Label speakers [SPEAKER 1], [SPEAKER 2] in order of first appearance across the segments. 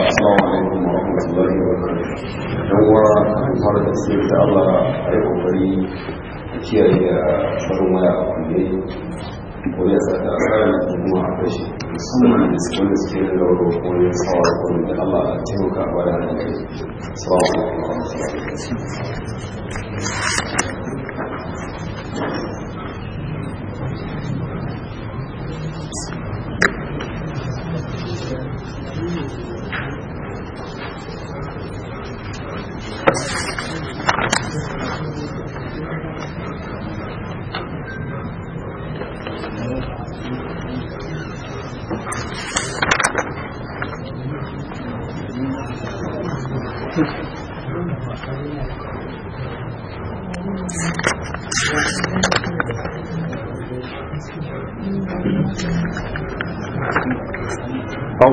[SPEAKER 1] Assalamu alaikum uwa fara da Allah a yi kokari kiyaye tsaron waya a kunne ko ya kuma a
[SPEAKER 2] a taimaka ba da hankali.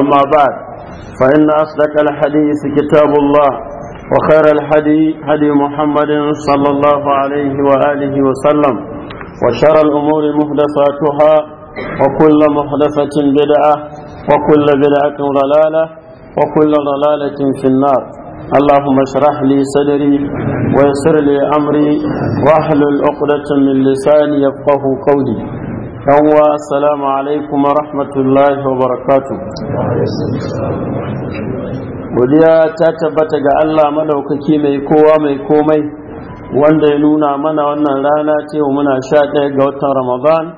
[SPEAKER 3] أما بعد فإن أصدق الحديث كتاب الله وخير الحديث هدي محمد صلى الله عليه وآله وسلم وشر الأمور محدثاتها وكل محدثة بدعة وكل بدعة ضلالة وكل ضلالة في النار اللهم اشرح لي صدري ويسر لي امري واحلل عقدة من لساني يفقه قولي yanwa salamu alaikum wa rahmatullahi wa barakatu godiya ta tabbata ga allah madaukaki mai kowa mai komai wanda ya nuna mana wannan rana ce muna sha ɗaya ga watan ramadan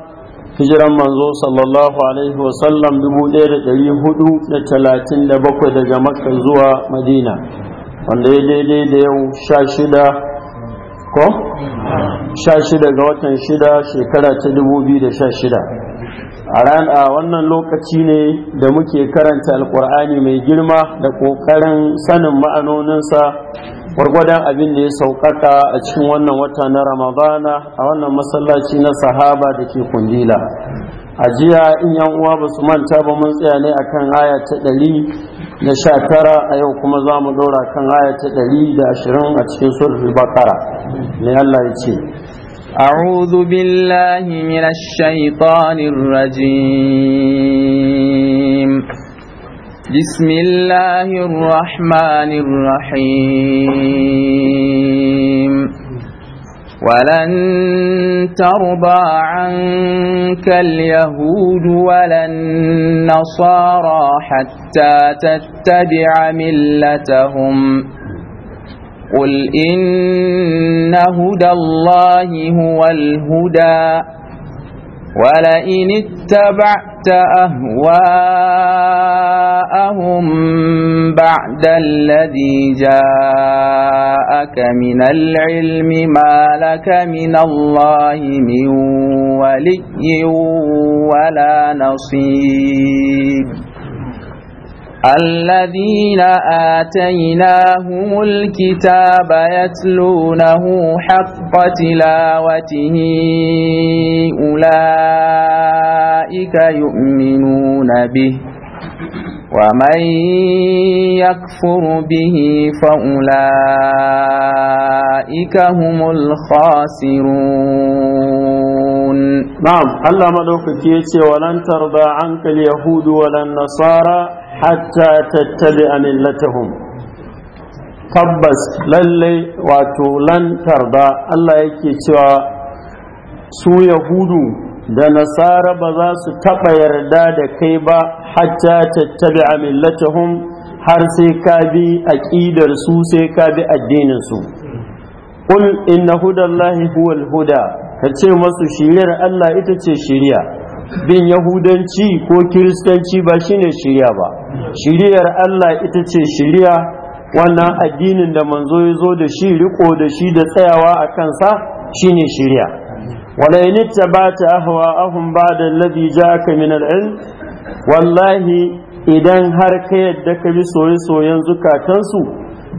[SPEAKER 3] hijiran manzo sallallahu alaihi wasallam 1437 daga makka zuwa madina wanda ya daidai da yau sha shida ko shida ga watan shida shekara ta 2016 a ran a wannan lokaci ne da muke karanta alkur'ani mai girma da ƙoƙarin sanin ma'anoninsa gwargwadon abin da ya sauƙaƙa a cikin wannan wata na ramadana a wannan masallaci na sahaba da ke kundila a jiya in yan uwa ba su manta ba mun tsaya ne akan aya ta ɗari na sha tara a yau kuma za mu ɗora kan aya ta ɗari da ashirin a cikin sulhul bakara mai Allah ya ce
[SPEAKER 4] أعوذ بالله من الشيطان الرجيم بسم الله الرحمن الرحيم ولن ترضى عنك اليهود ولا النصارى حتى تتبع ملتهم قل إن هدى الله هو الهدى ولئن اتبعت أهواءهم بعد الذي جاءك من العلم ما لك من الله من ولي ولا نصير الذين آتيناهم الكتاب يتلونه حق تلاوته أولئك يؤمنون به ومن يكفر به فأولئك هم الخاسرون نعم الله ملوك تيتي ولن ترضى عنك اليهود ولا
[SPEAKER 3] النصارى hatta tattabi'a millatahum tabbas lalle wato lan tarda Allah yake cewa su yahudu da nasara ba za su taɓa yarda da kai ba hatta tattabi'a millatahum har sai ka bi aƙidar su sai ka bi addinin su qul inna hudallahi huwal huda ka ce masu shiryar Allah ita ce shiriya bin yahudanci ko kiristanci ba shine shirya ba shiriyar Allah ita ce shirya wannan addinin da manzo ya zo da shi riko da shi da tsayawa a kansa shine shirya wala in tabata ahwa'ahum ba'da alladhi ja'aka min al-ilm wallahi idan har ka yadda ka bi soye-soyen zukatansu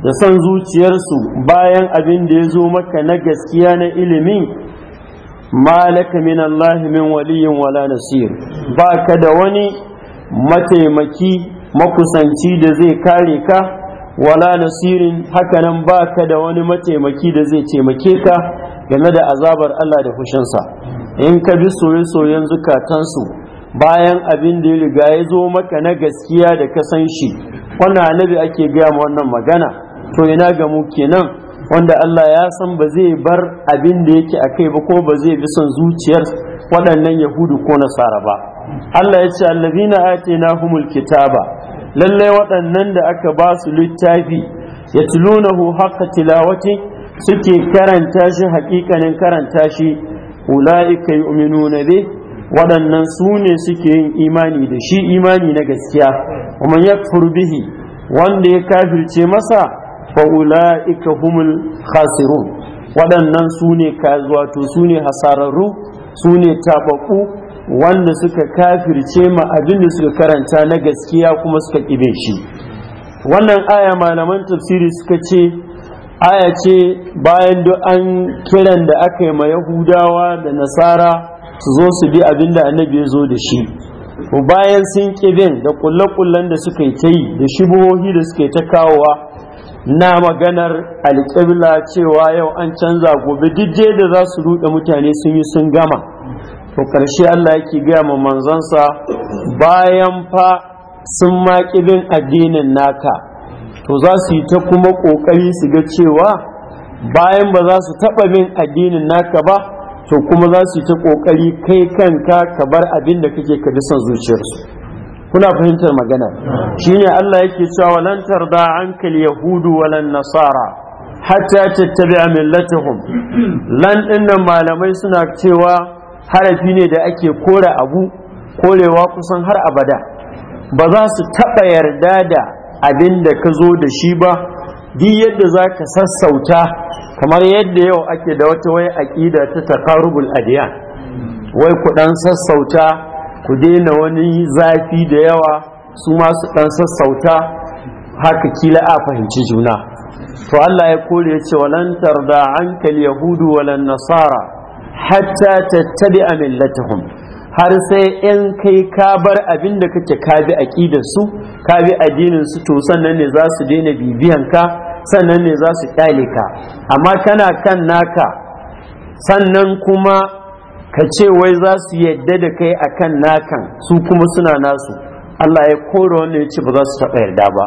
[SPEAKER 3] da son zuciyarsu bayan abin da ya zo maka na gaskiya na ilimin. malaka min Allah min waliyin wala nasir ba ka da wani mataimaki makusanci da zai kare ka wala nasirin hakanan ba ka da wani mataimaki da zai taimake ka game da azabar Allah da fushinsa in ka bi soye-soyen zukatansu bayan abin da ya riga ya zo maka na gaskiya da ka san shi wannan annabi ake gaya ma wannan magana to ina ga mu kenan wanda Allah ya san ba zai bar abin da yake a kai ba ko ba zai bi son zuciyar waɗannan yahudu ko nasara ba Allah ya ce allazina humul kitaba lallai waɗannan da aka ba su littafi yatlunahu haqqa tilawati suke karanta shi haƙiƙanin karanta shi ulaika yu'minuna bih waɗannan su ne suke yin imani da shi imani na gaskiya kuma ya bihi wanda ya kafirce masa fa'ula'ika humul khasirun waɗannan sune ne sune su ne hasararru sune ne wanda suka kafirce ma abin da suka karanta na gaskiya kuma suka ƙibe shi wannan aya malaman tafsiri suka ce aya ce bayan duk an kiran da aka yi ma yahudawa da nasara su zo su bi abin da annabi ya zo da shi bayan sun ƙibin da ƙulle-ƙullen da suka yi ta yi da shibohohi da suka yi ta kawowa na maganar alƙibla cewa yau an canza gobe dijje da za su ruɗe mutane sun yi sun gama to ƙarshe Allah yake gaya ma manzansa bayan fa sun maƙibin addinin naka to za su yi ta kuma ƙoƙari su ga cewa bayan ba za su taɓa min addinin naka ba to kuma za su yi ta ƙoƙari kai kanka ka bar abin da kake ka bi son zuciyarsu kuna fahimtar magana shine Allah yake cewa walan tarda ankal yahudu walan nasara hatta tattabi'a millatuhum lan dinnan malamai suna cewa harafi ne da ake kore abu korewa kusan har abada ba za su taba yarda da abin da ka zo da shi ba duk yadda za ka sassauta kamar yadda yau ake da wata wai aƙida ta takarubul adiyan wai kudan sassauta ku daina wani zafi da yawa su masu ɗan sassauta haka kila a fahimci juna to Allah ya kore ya ce walan tarda ankal yahudu walan nasara hatta a millatahum har sai 'yan kai ka bar abin da kake ka bi aqidar su ka bi addinin su to sannan ne za su daina bibiyan ka sannan ne za su kyale ka amma kana kan naka sannan kuma ka ce wai za su yadda da kai akan nakan su kuma suna nasu Allah ya kore wannan ya ce ba za su taɓa yarda ba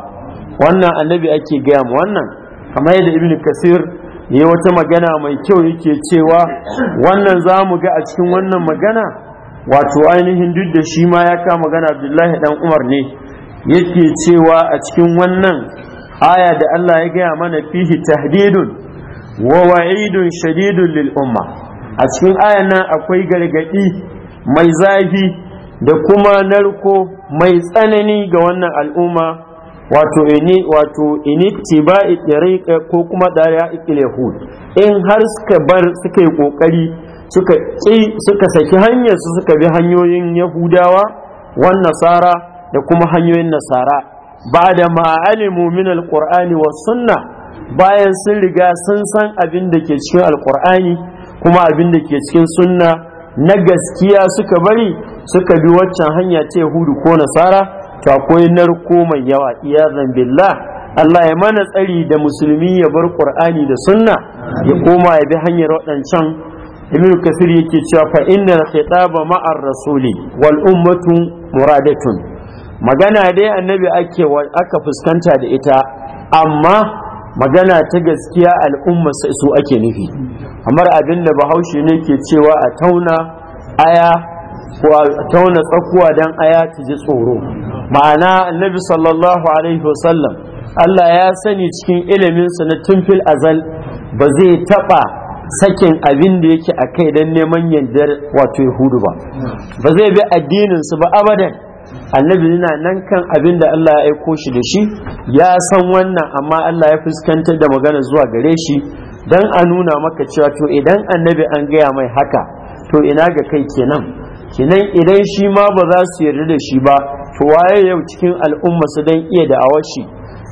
[SPEAKER 3] wannan annabi ake gaya mu wannan kamar yadda ibn kasir ya wata magana mai kyau yake cewa wannan za mu ga a cikin wannan magana wato ainihin duk da shi ma ya kama magana abdullahi dan umar ne yake cewa a cikin wannan aya da Allah ya gaya mana fihi tahdidun wa wa'idun shadidun lil umma a cikin ayan nan akwai gargaɗi mai zafi da kuma narko mai tsanani ga wannan al'umma wato ini wato ini tiba'i tariqa ko kuma dariya yahud in har suka bar suka yi kokari suka suka saki hanyar su suka bi hanyoyin yahudawa wan nasara da kuma hanyoyin nasara ba da ma'alimu min alqur'ani was sunna bayan sun riga sun san abin da ke cikin alqur'ani kuma abin da ke cikin sunna na gaskiya suka bari suka bi waccan hanya ce hudu ko nasara to akwai narko mai yawa iyazan billah Allah ya mana tsari da musulmi ya bar Qur'ani da sunna ya koma ya bi hanyar waɗancan Ibn Kasir yake cewa fa innal khitaba ma'ar rasuli wal ummatu muradatun magana dai annabi ake aka fuskanta da ita amma magana ta gaskiya al'umma su ake nufi kamar abinda bahaushe ne ke cewa a tauna aya ko a tauna tsakuwa dan aya ta ji tsoro ma'ana annabi sallallahu alaihi wasallam Allah ya sani cikin iliminsa na tumfil azal ba zai taɓa sakin abin da yake a kai don neman yardar wato yahudu ba ba zai bi addininsu ba abadan annabi yana nan kan abin da Allah ya aiko shi da shi ya san wannan amma Allah ya fuskantar da magana zuwa gare shi dan a nuna maka cewa to idan annabi an gaya mai haka to ina ga kai kenan kenan idan shi ma ba za su yarda da shi ba to waye yau cikin al'umma su dan iya da shi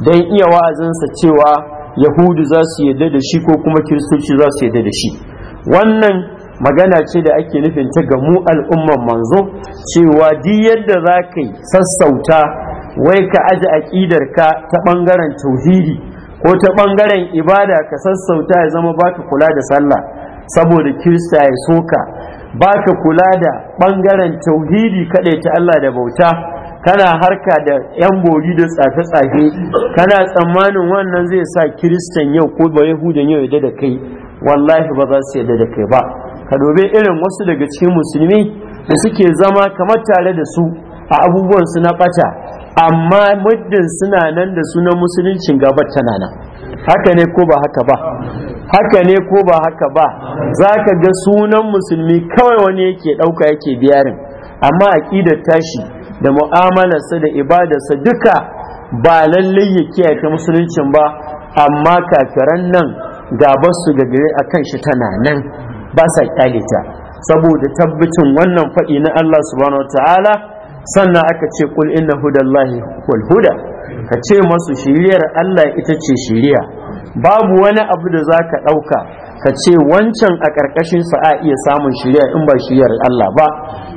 [SPEAKER 3] dan iya wa'azinsa cewa yahudu za su yarda da shi ko kuma kiristoci za su yarda da shi wannan magana ce da ake nufin ta ga mu al'umman manzo cewa di yadda za ka yi sassauta wai ka aji aƙidar ka ta ɓangaren tauhidi ko ta ɓangaren ibada ka sassauta ya zama baka kula da sallah saboda kirista ya so soka baka kula da ɓangaren tauhidi kaɗai ta Allah da bauta kana harka da 'yan bori da tsafe-tsafe kana tsammanin wannan zai sa kiristan yau ko ba yahudan yau ya da kai wallahi ba za su yadda da kai ba ka dobe irin wasu daga cikin musulmi da suke zama kamar tare da su a abubuwan su na ɓata amma muddin suna nan da sunan musuluncin gabar tana nan haka ne ko ba haka ba haka ne ko ba haka ba za ka ga sunan musulmi kawai wani yake ɗauka yake biyarin amma aƙidar tashi da mu'amalarsa da ibadarsa duka ba lallai ya kiyaye ta musuluncin ba amma kafiran nan gabarsu ga gare a kan shi tana nan ba sa kyale saboda tabbacin wannan faɗi na Allah subhanahu wataala sannan aka ce kul inna hudallahi wal huda ka ce masu shiriyar Allah ita ce shiriya babu wani abu da zaka ɗauka ka ce wancan a ƙarƙashin sa a iya samun shiriya in ba shiriyar Allah ba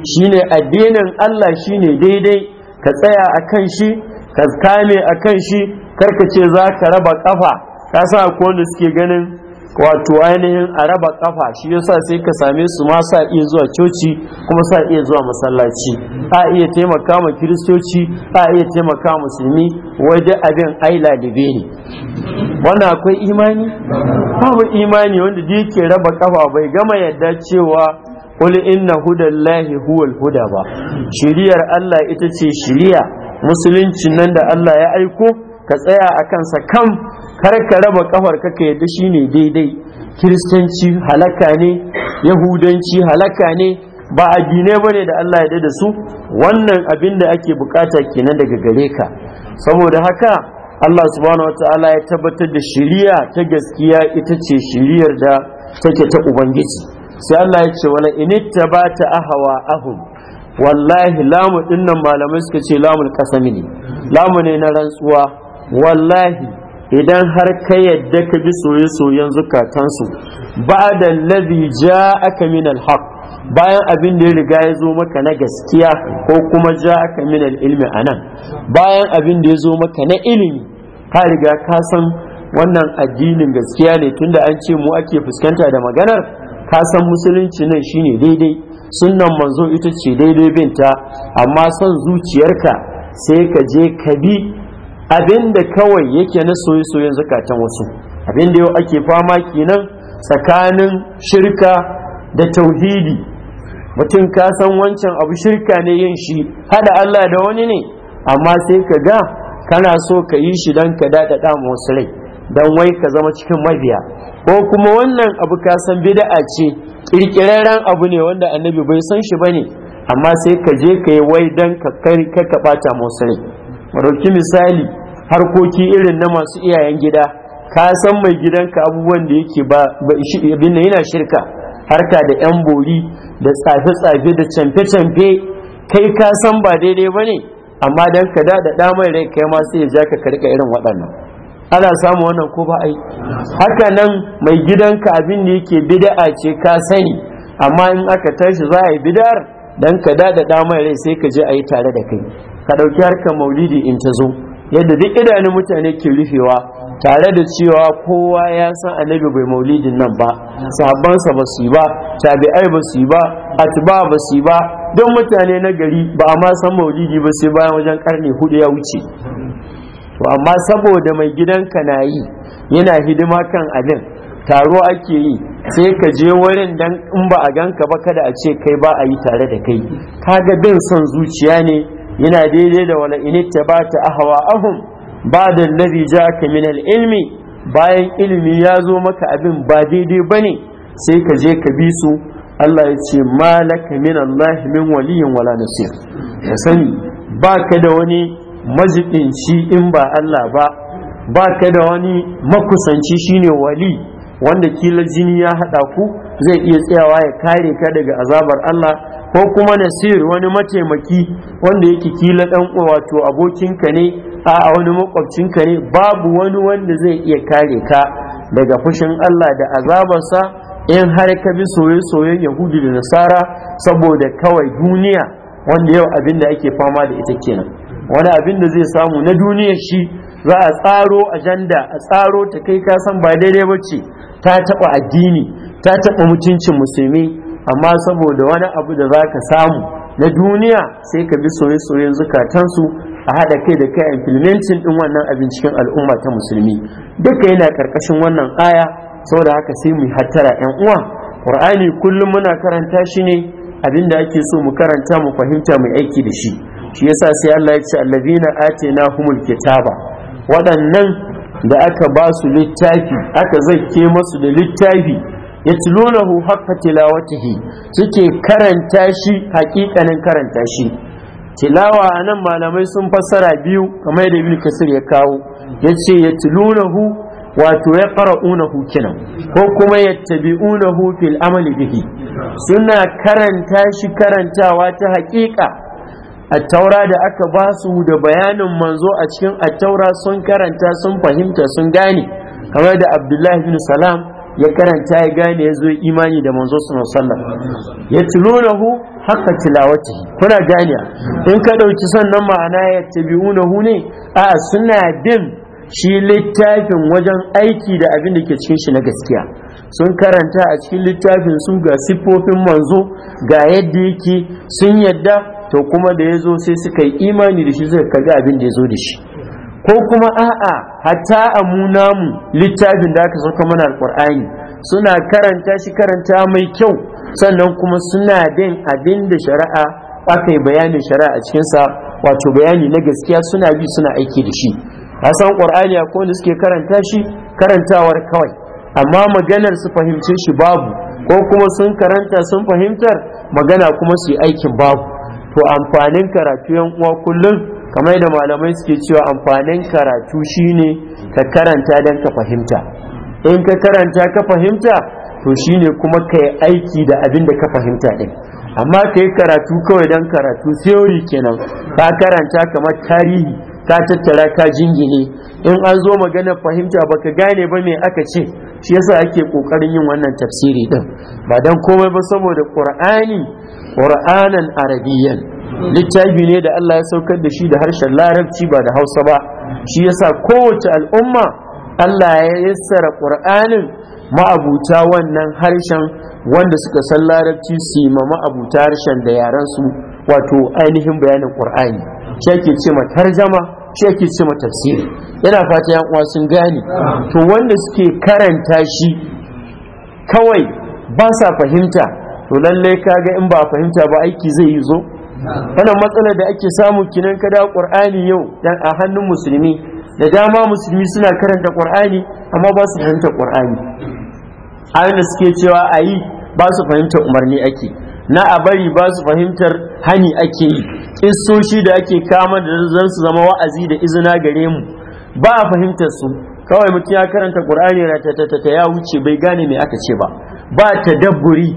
[SPEAKER 3] shine addinin Allah shine daidai ka tsaya akan shi ka kame akan shi karka ce za raba kafa ka sa ko wanda suke ganin wato ainihin a raba kafa shi yasa sai ka same su ma sa iya zuwa coci kuma sa iya zuwa masallaci a iya taimaka ma kiristoci a iya taimaka musulmi waje abin ai lalibe ne wannan akwai imani babu imani wanda da yake raba kafa bai gama yadda cewa qul inna hudallahi huwal huda ba shiriyar Allah ita ce shiriya musulunci nan da Allah ya aiko ka tsaya a kansa kam kar ka raba kafar ka ka yadda ne daidai kiristanci halaka ne yahudanci halaka ne ba addinai bane da Allah ya da su wannan abin da ake bukata kenan daga gare ka saboda haka Allah subhanahu ta'ala ya tabbatar da shiriya ta gaskiya ita ce shiriyar da take ta ubangiji sai Allah ya ce wala initta ba ta ahawa ahum wallahi lamu dinnan malamai suka ce lamul kasami ne lamu ne na rantsuwa wallahi idan har ka yadda ka bi soye-soyen zukatansu ba da lazi ja aka min alhaq bayan abin da ya riga ya zo maka na gaskiya ko kuma ja aka min ilmi a nan bayan abin da ya zo maka na ilimi ka riga ka san wannan addinin gaskiya ne tunda an ce mu ake fuskanta da maganar ka san musulunci nan shine daidai sunnan manzo ita ce daidai binta amma son zuciyarka sai ka je ka bi abin da kawai yake na soye-soyen zakatan wasu abin da yau ake fama kenan tsakanin shirka da tauhidi mutum ka san wancan abu shirka ne yin shi hada Allah da wani ne amma sai ka ga kana so ka yi shi don ka daɗaɗa wasu rai don wai ka zama cikin mabiya ko kuma wannan abu ka san bida'a ce ƙirƙirarren abu ne wanda annabi bai san shi ba ne amma sai ka je ka yi wai don ka ɓata wasu rai misali harkoki irin na masu iyayen gida ka san mai gidanka abubuwan da yake ba abin yana shirka harka da yan bori da tsafe-tsafe da canfe-canfe kai ka san ba daidai ba ne amma dan ka da da rai kai ma sai ya ja ka karka irin waɗannan ana samu wannan ko ba ai haka nan mai gidanka abin da yake bida'a ce ka sani amma in aka tashi za a yi bid'ar dan ka da da rai sai ka je a yi tare da kai ka ɗauki harkar maulidi in ta zo yadda duk idanun mutane ke rufewa tare da cewa kowa ya san annabi bai maulidin nan ba sahabbansa ba su yi ba tabi'ai ba su yi ba atba ba su yi ba don mutane na gari ba a ma san maulidi ba sai bayan wajen karni hudu ya wuce to amma saboda mai gidanka na yi yana hidima kan abin taro ake yi sai ka je wurin dan in ba a ganka ba kada a ce kai ba a yi tare da kai kaga bin son zuciya ne yana daidai da wala in ahun. ahwa'ahum da alladhi ja'aka min al-ilmi bayan ilmi ya zo maka abin ba daidai bane sai ka je ka bi su Allah ya ce malaka min Allah min waliyin wala nasir ka sani baka da wani majiɗinci in ba Allah ba baka da wani makusanci shine wali wanda kila jini ya haɗa ku zai iya tsayawa ya kare ka daga azabar Allah ko kuma nasir wani mataimaki wanda yake kila dan wato abokinka ne a wani makwabcinka ne babu wani wanda zai iya kare ka daga fushin Allah da azabarsa in har ka bi soye-soyen da Nasara saboda kawai duniya wanda yau abin da ake fama da ita kenan wani abin da zai samu na duniya shi za a tsaro ajanda a tsaro ta kai kasan ba daidai ba ce ta taɓa addini ta taɓa mutuncin musulmi amma saboda wani abu da za ka samu na duniya sai ka bi soye-soyen zukatansu a haɗa kai da kai implementin ɗin wannan abin cikin al'umma ta musulmi duka yana ƙarƙashin wannan aya saboda haka sai mu hattara yan uwa Ƙur'ani kullum muna karanta shi ne abin ake so mu karanta mu fahimta mu aiki da shi shi yasa sai Allah ya ce allazina na kitaba waɗannan da aka ba su littafi aka zakke masu da littafi yatlunahu haqqa tilawatihi suke karanta shi hakikanin karanta shi tilawa nan malamai sun fassara biyu kamar da ibn kasir ya kawo yace yatlunahu wato ya hu kinan. ko kuma yattabi'unahu fil amali bihi suna karanta shi karantawa ta haƙiƙa taura da aka basu da bayanin manzo a cikin taura sun karanta sun fahimta sun gane kamar da abdullahi bin salam ya karanta ya gane ya zo imani da manzo Sallah. ya hu, haka tilawati kuna gane in ka dauki sannan ma'ana ya hu ne a suna bin shi littafin wajen aiki da abin da ke cikin shi na gaskiya sun karanta a cikin littafin su ga siffofin manzo ga yadda yake sun yadda to kuma da ya zo sai suka yi imani da shi suka kaga abin da ya zo da shi ko kuma a'a hatta a mu littafin da aka sauka mana alqur'ani suna karanta shi karanta mai kyau sannan kuma suna bin abin da shari'a aka yi bayanin shari'a a cikinsa wato bayani na gaskiya suna bi suna aiki da shi hasan qur'ani a kowanne suke karanta shi karantawar kawai amma maganar su fahimce shi babu ko kuma sun karanta sun fahimtar magana kuma su yi aikin babu to amfanin karatu yan uwa kullum kamar da malamai suke cewa amfanin karatu shine ka karanta don ka fahimta in ka karanta ka fahimta to shine kuma ka yi aiki da abin da ka fahimta din amma ka yi karatu kawai dan karatu theory kenan ka karanta kamar tarihi ka tattara ka jingine in an zo maganar fahimta baka gane ba me aka ce shi yasa ake kokarin yin wannan tafsiri din ba dan komai ba saboda qur'ani qur'anan arabiyyan littafi ne da Allah ya saukar da shi da harshen larabci ba da hausa ba shi yasa kowace al'umma Allah ya yassara ƙur'anin ma'abuta wannan harshen wanda suka san larabci su ma ma'abuta harshen da yaran su wato ainihin bayanin ƙur'ani shi ake ce ma tarjama shi ake ce ma tafsiri yana fata yan uwa sun gane to wanda suke karanta shi kawai ba sa fahimta to lallai kaga in ba fahimta ba aiki zai yi zo wannan matsalar da ake samun kinan kada qur'ani yau dan a hannun musulmi da dama musulmi suna karanta qur'ani amma ba su fahimta qur'ani ayin da suke cewa ayi ba su fahimtar umarni ake na a bari ba su fahimtar hani ake yi kissoshi da ake kama da zan su zama wa'azi da izina gare mu ba a fahimtar su kawai mutum ya karanta qur'ani ratatata ya wuce bai gane me aka ce ba ba dabburi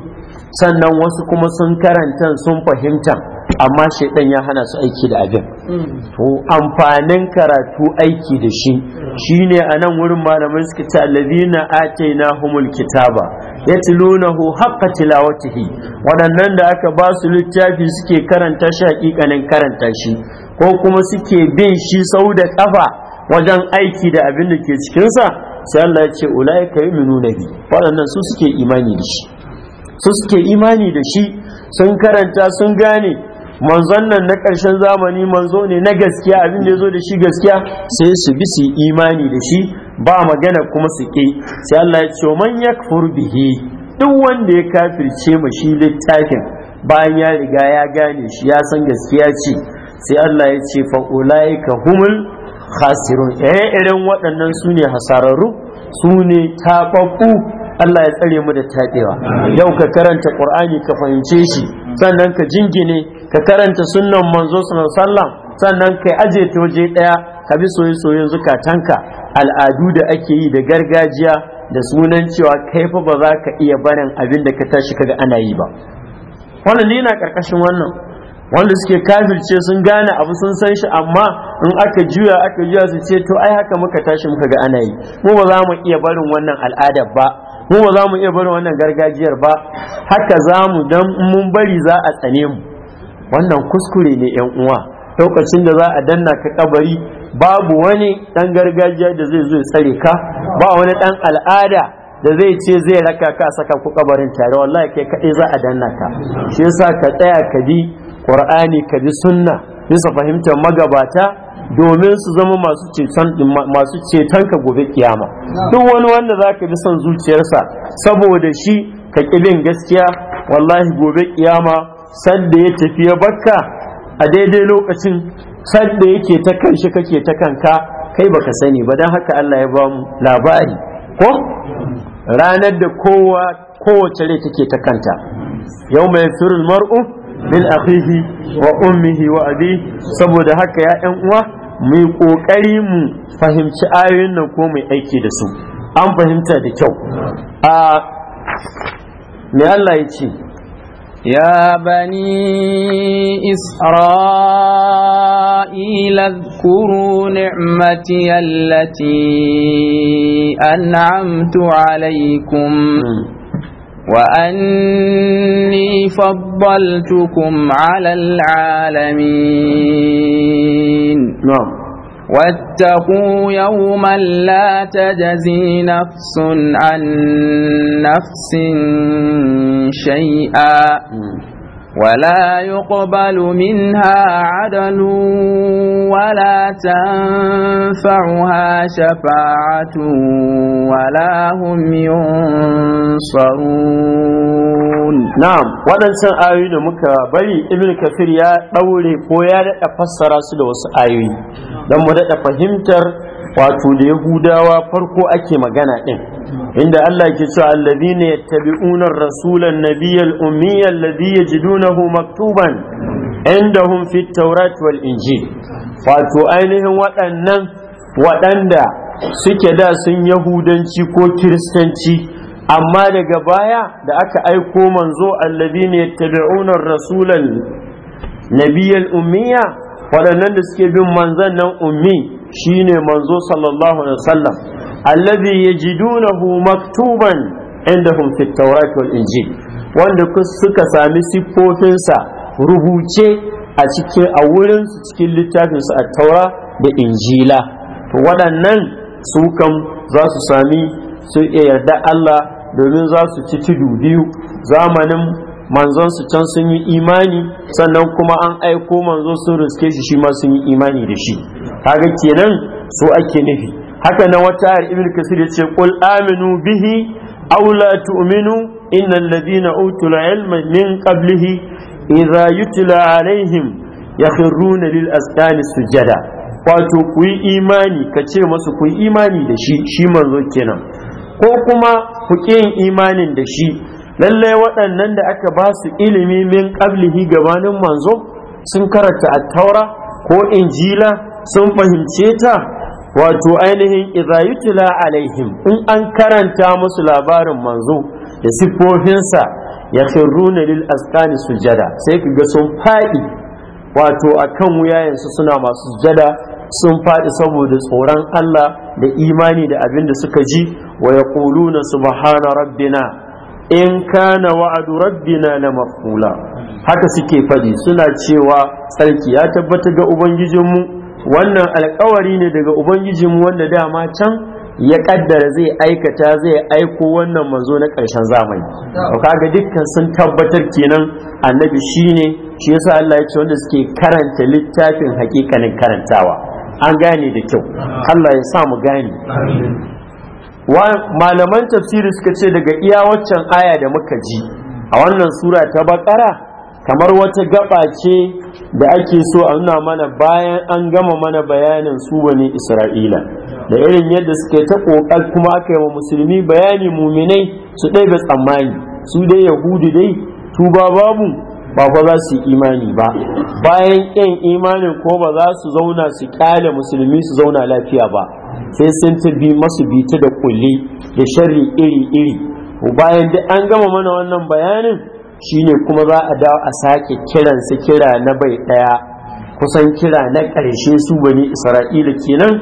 [SPEAKER 3] sannan wasu kuma sun karanta sun fahimta amma shaidan ya hana su aiki da abin to amfanin karatu aiki da shi shine a nan wurin malamai suka ce allazina atainahumul kitaba yatlunahu haqqa tilawatihi waɗannan da aka ba su littafi suke karanta shi hakikanin karanta shi ko kuma suke bin shi sau da kafa wajen aiki da abin da ke cikinsa sai Allah ya ce ulaika yu'minuna bi waɗannan su suke imani da shi su suke imani da shi sun karanta sun gane manzon nan na ƙarshen zamani manzo ne na gaskiya abin da ya zo da shi gaskiya sai su bi su imani da shi ba magana kuma su ƙi sai Allah ya ce man yakfur bihi duk wanda ya kafirce mu shi littafin bayan ya riga ya gane shi ya san gaskiya ce sai Allah ya ce fa ulaika humul khasirun eh irin waɗannan su ne hasararru su ne taɓaɓɓu Allah ya tsare mu da taɗewa yau ka karanta ƙur'ani ka fahimce shi sannan ka jingine ka karanta sunnan manzo sallam sannan ka aje ta waje daya ka bi soyayyen zukatanka al'adu da ake yi da gargajiya da sunan cewa kai fa ba za ka iya barin abin da ka tashi kaga ana yi ba wannan ne na karkashin wannan wanda suke kafirce sun gane abu sun san shi amma in aka juya aka juya su ce to ai haka muka tashi muka ga ana yi mu ba za mu iya barin wannan al'adar ba mu ba za mu iya barin wannan gargajiyar ba haka za mu dan mun bari za a tsane mu wannan kuskure ne yan uwa lokacin da za a danna ka kabari babu wani dan gargajiya da zai zo ya tsare ka ba wani dan al'ada da zai ce zai raka ka saka ku kabarin tare wallahi kai kadai za a danna ka shi yasa ka tsaya ka bi qur'ani ka bi sunna bisa fahimtar magabata domin su zama masu ceton ka gobe kiyama duk wani wanda ka bi son zuciyarsa saboda shi ka kibin gaskiya wallahi gobe kiyama sanda ya tafi ya baka? a daidai lokacin sanda yake ta kan shi kake ta kanka kai baka sani ba dan haka Allah ya ba mu labari ko ranar da kowa kowace rai take ta kanta yau mai firul mar'u min akhihi wa ummihi wa abi saboda haka ya ƴan uwa mu kokari mu fahimci ayoyin nan ko mu aiki da su an fahimta da
[SPEAKER 4] kyau a me Allah ya ce يا بني إسرائيل اذكروا نعمتي التي أنعمت عليكم وأني فضلتكم على العالمين نعم واتقوا يوما لا تجزي نفس عن نفس شيئا ولا يقبل منها عدل ولا تنفعها شفاعة ولا هم ينصرون نعم waɗancan ayoyi
[SPEAKER 3] da muka bari ibn kafir ya ɗaure ko ya daɗa fassara su da wasu ayoyi don mu daɗa fahimtar wato da yahudawa farko ake magana ɗin inda Allah ke cewa allazi ne ya unar rasulan nabiyal ummiyar lazi ya ji dunahu maktuban inda hun fi taurat wal injil wato ainihin waɗannan waɗanda suke da sun yahudanci ko kiristanci amma daga baya da aka aiko manzo allazi ne ya unar rasulan nabiyal ummiya waɗannan da suke bin manzan nan ummi shine manzo sallallahu alaihi wasallam allazi yajidunahu maktuban indahum fit tawrat wal injil wanda suka sami siffofinsa rubuce a cikin a wurin su cikin littafin a taura da injila to waɗannan su kan za su sami su yarda Allah domin za su ci tudu biyu zamanin manzon su can sun yi imani sannan kuma an aiko manzo sun riske shi shi ma sun yi imani da shi kaga kenan so ake nufi haka na wata ayar ibnu kasir yace qul aminu bihi aw la tu'minu innal ladina utul ilma min qablihi idza yutla alaihim yakhruna lil asqani sujada wato ku yi imani ka ce masu ku yi imani da shi shi manzo kenan ko kuma ku yin imanin da shi lalle waɗannan da aka ba su ilimi min ƙablihi gabanin manzo sun karanta Attaura ko injila sun fahimce ta wato ainihin idza alaihim in an karanta musu labarin manzo da siffofinsa ya khirruna lil askani sujada sai kaga sun faɗi wato akan wuyayensu suna masu sujada sun faɗi saboda tsoron Allah da imani da abin da suka ji wa yaquluna subhana rabbina in kana wa'adu rabbina la mafula haka suke faɗi suna cewa tsarki ya tabbata ga ubangijinmu wannan alkawari ne daga ubangijinmu wanda dama can ya kaddara zai aikata zai aiko wannan manzo na ƙarshen zamani to kaga dukkan sun tabbatar kenan annabi shine shi yasa Allah ya ce wanda suke karanta littafin hakikanin karantawa an gane da kyau Allah ya sa mu gane malaman tafsiri suka ce daga iya waccan aya da muka ji a wannan sura ta bakara kamar wata gaba ce da ake so a nuna mana bayan an gama mana bayanin su bane isra'ila da irin yadda suka ta kokar kuma aka yi wa musulmi bayani muminai su ɗai ba tsammani su dai yahudu dai tuba babu ba ba za su yi imani ba bayan ƙin imanin ko ba za su zauna su ƙyale musulmi su zauna lafiya ba sai sun ta bi masu bita da kulle da sharri iri-iri bayan da an gama mana wannan bayanin shine kuma za a dawo a sake kiran su kira na bai ɗaya kusan kira na ƙarshe su bani isra'ila kenan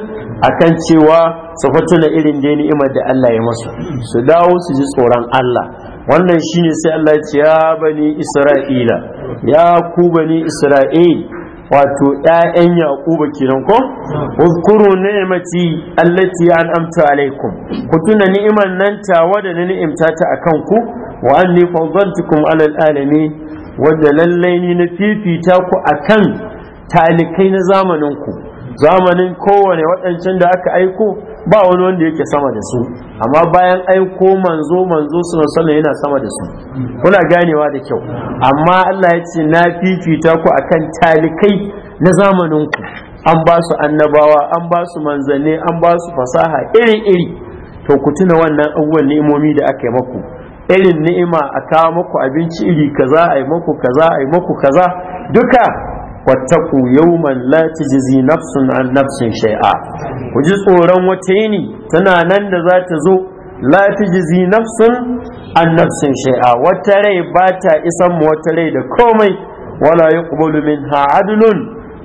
[SPEAKER 3] kan cewa su fatuna irin da ni'imar da Allah ya masu su dawo su ji tsoron Allah wannan shine sai Allah ya ce ya bani isra'ila ya ku bani isra'il wato yayan ke kenan ko uzkuru ni'mati allati amta alaikum ku tuna ni'iman nan tawa da na ni'imta ta akan ku wa anni fawdaltukum alal alami wanda lallai ne na fifita ku a kan talikai na zamanin ku zamanin kowane waɗancan da aka aiko ba wani wanda yake sama da su amma bayan aiko manzo manzo suna sallan yana sama da su kuna ganewa da kyau amma Allah ya ce na fifita ku a kan talikai na zamanin ku an ba su annabawa an ba su manzanni an ba su fasaha iri-iri to ku tuna wannan abubuwan ni'imomi da aka yi maku irin ni'ima a kawo maku abinci iri kaza a yi maku kaza a yi maku kaza duka wataku yawman la tujzi nafsun an nafsin shay'a ku ji tsoron wata yini tana nan da za ta zo la tujzi nafsun an nafsin shay'a wata rai ba ta isan mu wata rai da komai wala yuqbalu minha adlun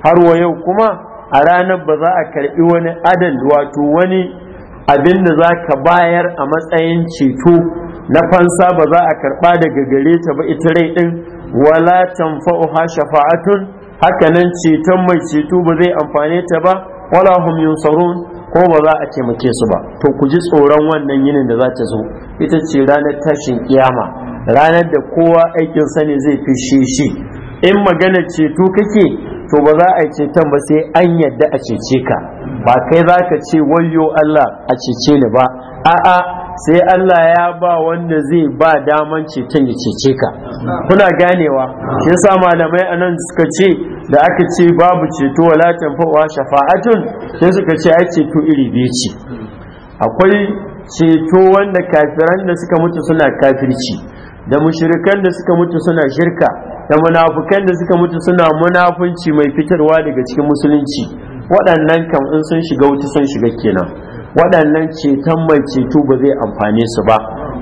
[SPEAKER 3] har wa yau kuma a ranar ba za a karbi wani adal wato wani abin da za ka bayar a matsayin ceto na fansa ba za a karba daga gare ta ba ita rai din wala tanfa'uha shafa'atun Haka hakanan ceton mai ceto ba zai amfane ta ba wala hum yunsarun ko ba za a taimake su ba to ku ji tsoron wannan yinin da za ta zo ita ce ranar tashin kiyama ranar da kowa aikin sa ne zai fishe shi in magana ceto kake to ba za a ceton ba sai an yadda a cece ka ba kai za ka ce wayyo Allah a cece ni ba a'a sai Allah ya ba wanda zai ba daman ceton ya cece ka kuna ganewa shi yasa malamai anan suka ce da aka ce babu ceto wala tanfa'uwa shafa'atun sai suka ce ai ceto iri biyu ce akwai ceto wanda kafiran da suka mutu suna kafirci da mushrikan da suka mutu suna shirka da munafukan da suka mutu suna munafunci mai fitarwa daga cikin musulunci waɗannan kam in sun shiga wuta sun shiga kenan waɗannan ceton mai ceto ba zai amfane su ba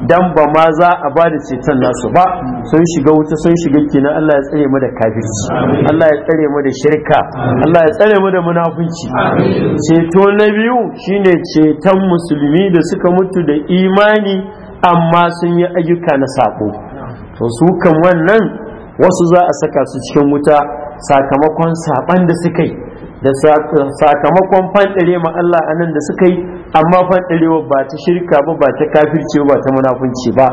[SPEAKER 3] dan ba ma za a ba da ceton nasu ba sun shiga wuta sun shiga kenan Allah ya tsare mu da kafirci Allah ya tsare mu da shirka Allah ya tsare mu da munafunci ceto na biyu shine ceton musulmi da suka mutu da imani amma sun yi ayyuka na sako to su kan wannan wasu za a saka su cikin wuta sakamakon saban da suka yi da sakamakon fanɗare ma Allah a nan da suka yi amma fanɗarewa ba ta shirka ba ba ta kafirce ba ta munafunci ba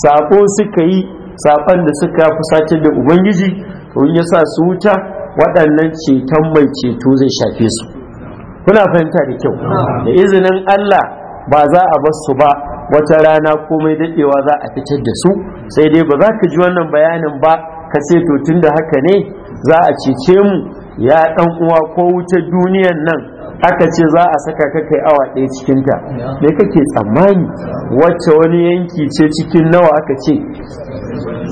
[SPEAKER 3] saƙo suka yi saban da suka fusatar da ubangiji to ya sa su wuta waɗannan ceton mai ceto zai shafe su kuna fahimta da kyau da izinin Allah ba za a bar su ba wata rana komai daɗewa za a fitar da su sai dai ba za ka ji wannan bayanin ba ka ce to tun da haka ne za a cece mu ya dan uwa ko wuce duniyan nan aka ce za a saka ka kai awa ɗaya cikinta me kake tsammani wacce wani yanki ce cikin nawa aka ce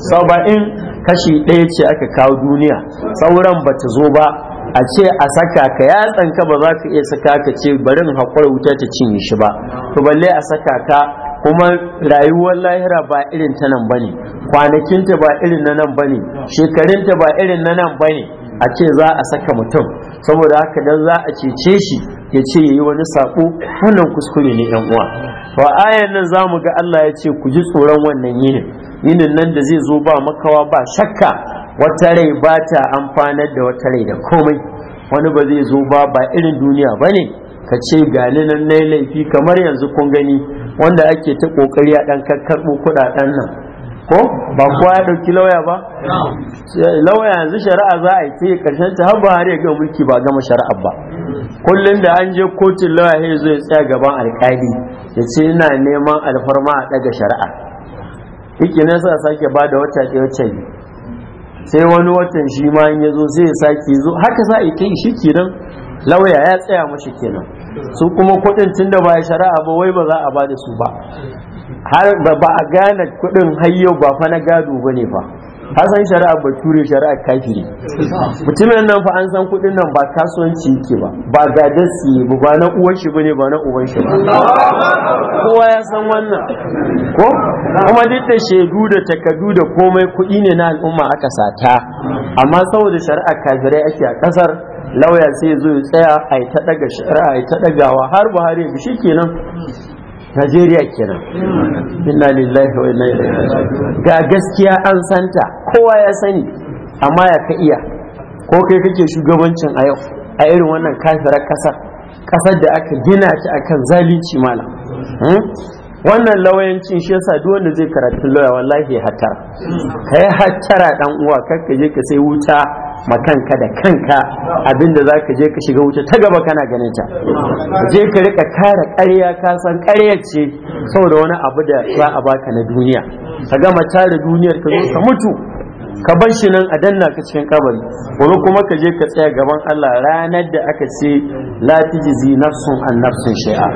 [SPEAKER 3] saba'in kashi ɗaya ce aka kawo duniya sauran ba ta zo ba a ce a saka ka ya tsanka ba za ka iya saka ka ce barin haƙuri wuta ta cinye shi ba to balle a saka ka kuma rayuwar lahira ba irin ta nan bane kwanakinta ba irin na nan bane shekarunta ba irin na nan bane a ce za a saka mutum saboda haka dan za a cece shi ya ce yayi wani saƙo. wannan kuskure ne yan uwa ba ayan nan za mu ga Allah ya ce ku ji tsoron wannan yinin yinin nan da zai zo ba makawa ba shakka wata rai ba ta amfanar da wata rai da komai wani ba zai zo ba ba irin duniya ba ne ka ce gani nan na laifi kamar yanzu kun gani wanda ake ta kokari a dan karɓo kudaden nan ko ba kowa ya ɗauki lauya ba lauya yanzu shari'a za a yi ta yi ƙarshen ta har buhari ya gama mulki ba gama shari'a ba kullum da an je kotun lauya ya zo ya tsaya gaban alƙali ya ce ina neman alfarma a ɗaga shari'a yake ne sa sake ba da wata ɗaya wata ne sai wani watan shi ma ya zo sai ya sake zo haka za a yi ta yi shi kenan lauya ya tsaya mashi kenan su kuma kuɗin tun da ba shari'a ba wai ba za a ba da su ba har ba ba a gane kudin hayyo ba fa na gado ba ne fa hasan shari'a bature shari'a kafiri mutumin nan fa an san kudin nan ba kasuwanci yake ba ba gadar su yi ba na uwan shi bane
[SPEAKER 1] ba na uban shi ba kowa ya san wannan
[SPEAKER 3] ko kuma duk da shaidu da takardu da komai kudi ne na al'umma aka sata amma saboda shari'a kafirai ake a kasar lauya sai zo ya tsaya a yi ta daga shari'a a yi ta dagawa har buhari shi kenan Najeriya kenan inna lillahi wa inna ilaihi ga gaskiya an santa kowa ya sani amma ya ka iya ko kai kake shugabancin a yau a irin wannan kafirar kasar kasar da aka gina ta akan zalunci mala hmm? wannan lawayancin shi yasa duk wanda zai karatu lawaya wallahi ya hatara kai hatara dan uwa kakkaje je ka sai wuta makanka da kanka abinda za ka je ka shiga wuce ta gaba kana ganin ta je ka rika kara ƙarya ka san ƙarya ce saboda wani abu da za a baka na duniya ka gama tare duniyar ka zo ka mutu ka bar shi nan a danna ka cikin kabari wani kuma ka je ka tsaya gaban Allah ranar da aka ce la tijzi nafsun an nafsun shay'a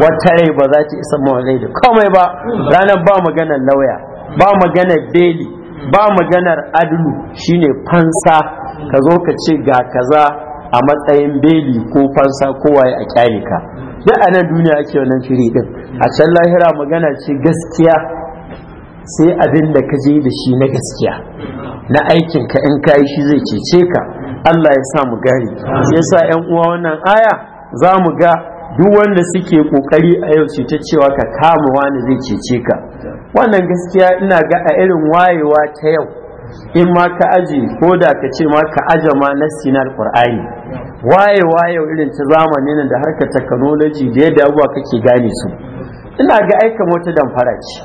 [SPEAKER 3] wata rai ba za ta isa mu da komai ba ranar ba maganar lauya ba maganar beli ba maganar adlu shine fansa ka zo ka ce ga kaza a matsayin beli ko fansa kowaye a kyale ka duk a nan duniya ake wannan shiri din a can lahira magana ce gaskiya sai abin da ka je da shi na gaskiya na aikin ka in kayi shi zai cece ka Allah ya sa mu gari yasa yan uwa wannan aya za mu ga duk wanda suke kokari a yau ce ta cewa ka kama wani zai cece ka wannan gaskiya ina ga a irin wayewa ta yau in ma ka aji ko da ka ce ma ka aje ma na sinar qur'ani wayewa yau irin ta zamani nan da harka technology da yadda abuwa kake gane su ina ga aika wata damfara ce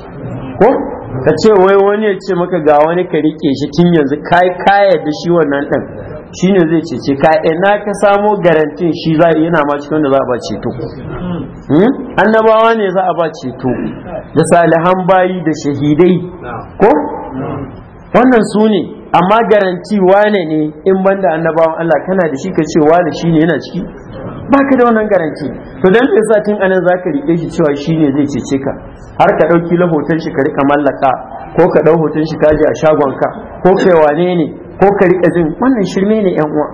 [SPEAKER 3] ko ka ce wai wani ya ce maka ga wani ka rike shi tun yanzu kai kaya da shi wannan din shine zai ce ka ina ka samo garantin shi za yana ma cikin wanda za a ba ceto hmm? annabawa ne za a ba ceto da salihan bayi da shahidai ko wannan su ne amma garanti wane ne in banda annabawan Allah kana da shi ka ce wane shi ne yana ciki Ba ka da wannan garanti to dan me yasa tun anan zaka rike shi cewa shi ne zai cece ka har ka dauki lahoton shi ka rika mallaka ko ka dau hoton shi kaje a shagon ka ko kai wane ne ko ka riƙa jin wannan shirme ne yan uwa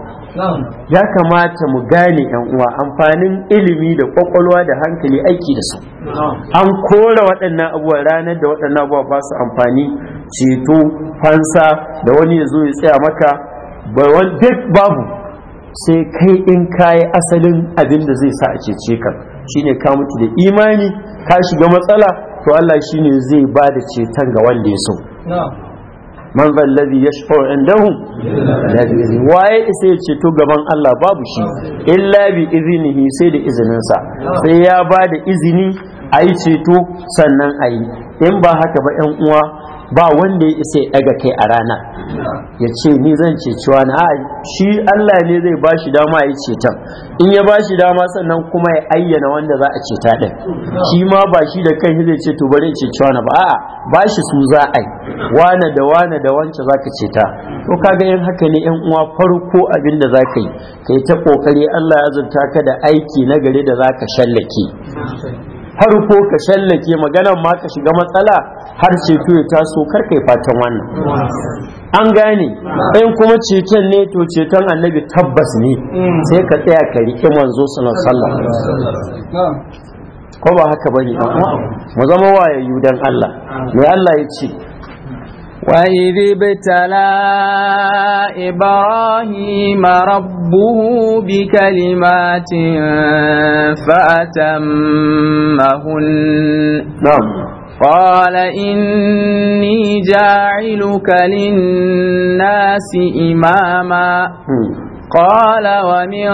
[SPEAKER 3] ya kamata mu gane yan uwa amfanin ilimi da kwakwalwa da hankali aiki da su an kora waɗannan abubuwa ranar da waɗannan abubuwa ba su amfani ceto fansa da wani ya zo ya tsaya maka duk babu sai kai in kayi asalin abin da zai sa a cece ka shine ka mutu da imani ka shiga matsala to Allah shine zai ba da ceton ga wanda ya so man lazi ya shafa'u dahu? waye isa ya ceto gaban Allah babu shi illa bi izinihi sai da izininsa sai ya ba da izini a yi ceto sannan a yi in ba haka ba 'yan uwa ba wanda ya isa ya daga kai a rana ya ce ni zan ceci wani a shi Allah ne zai ba shi dama ya ceton in ya ba shi dama sannan kuma ya ayyana wanda za a ceta din shi ma ba shi da kan zai ce to bari in ceci wani ba a ba shi su za a yi wane da wane da wance za ka ceta to kaga yin haka ne yan uwa farko abin da za ka yi ka yi ta kokari Allah ya azurta ka da aiki na gari da za ka shallake farko ka shallake maganan ma ka shiga matsala har ceto ya taso kar kai fatan wannan an gane in kuma ceton ne to ceton annabi tabbas ne sai ka tsaya ka riƙe manzo sallallahu alaihi ko ba haka bane mu zama wayayyu dan Allah me Allah ya ce
[SPEAKER 4] وإذ ابتلى إبراهيم ربه بكلمات فأتمهن نعم قال إني جاعلك للناس إماما قال ومن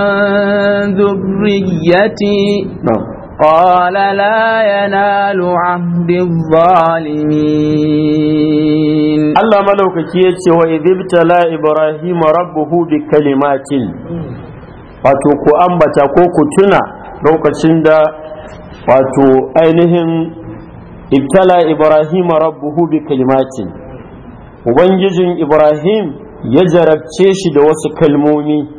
[SPEAKER 4] ذريتي نعم قال لا ينال عهد الظالمين الله ملوك كيتي وإذ ابتلى
[SPEAKER 3] إبراهيم ربه بكلمات wato ku ambata ko ku tuna lokacin da wato ainihin ibtala ibrahim rabbuhu bi kalimatin ubangijin ibrahim ya jarabce shi da wasu kalmomi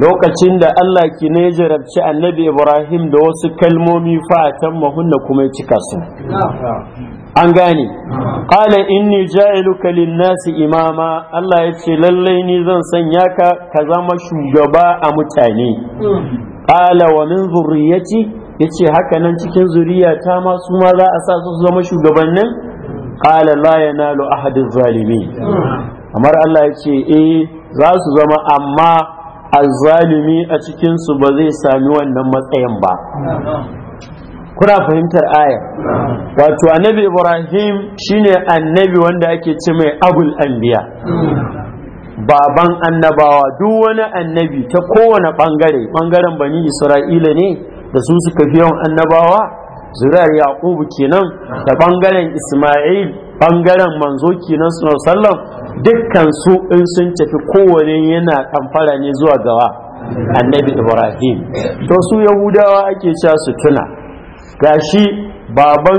[SPEAKER 3] lokacin da Allah ki ne jarabci annabi Ibrahim da wasu kalmomi fatan mahunna kuma ya cika su an gane ƙala inni ja'iluka lin-nasi imama Allah ya ce lallai ni zan sanya ka ka zama shugaba a mutane Kala wa min zurriyati yace haka nan cikin ta ma su ma za a sa su zama shugabannin ƙala la yanalu ahadin zalimi. kamar Allah ya ce eh za su zama amma azzalimi a cikinsu ba zai sami wannan matsayin ba kuna fahimtar aya wato annabi ibrahim shine annabi wanda ake ce mai abul anbiya baban annabawa duk wani annabi ta kowane bangare bangaren bani isra'ila ne da su suka fi yawan annabawa zuriyar yaqub kenan da bangaren isma'il bangaren manzo kenan sallallahu dukkan su in sun tafi kowane yana kamfara ne zuwa gawa annabi ibrahim to su yahudawa ake cewa su tuna gashi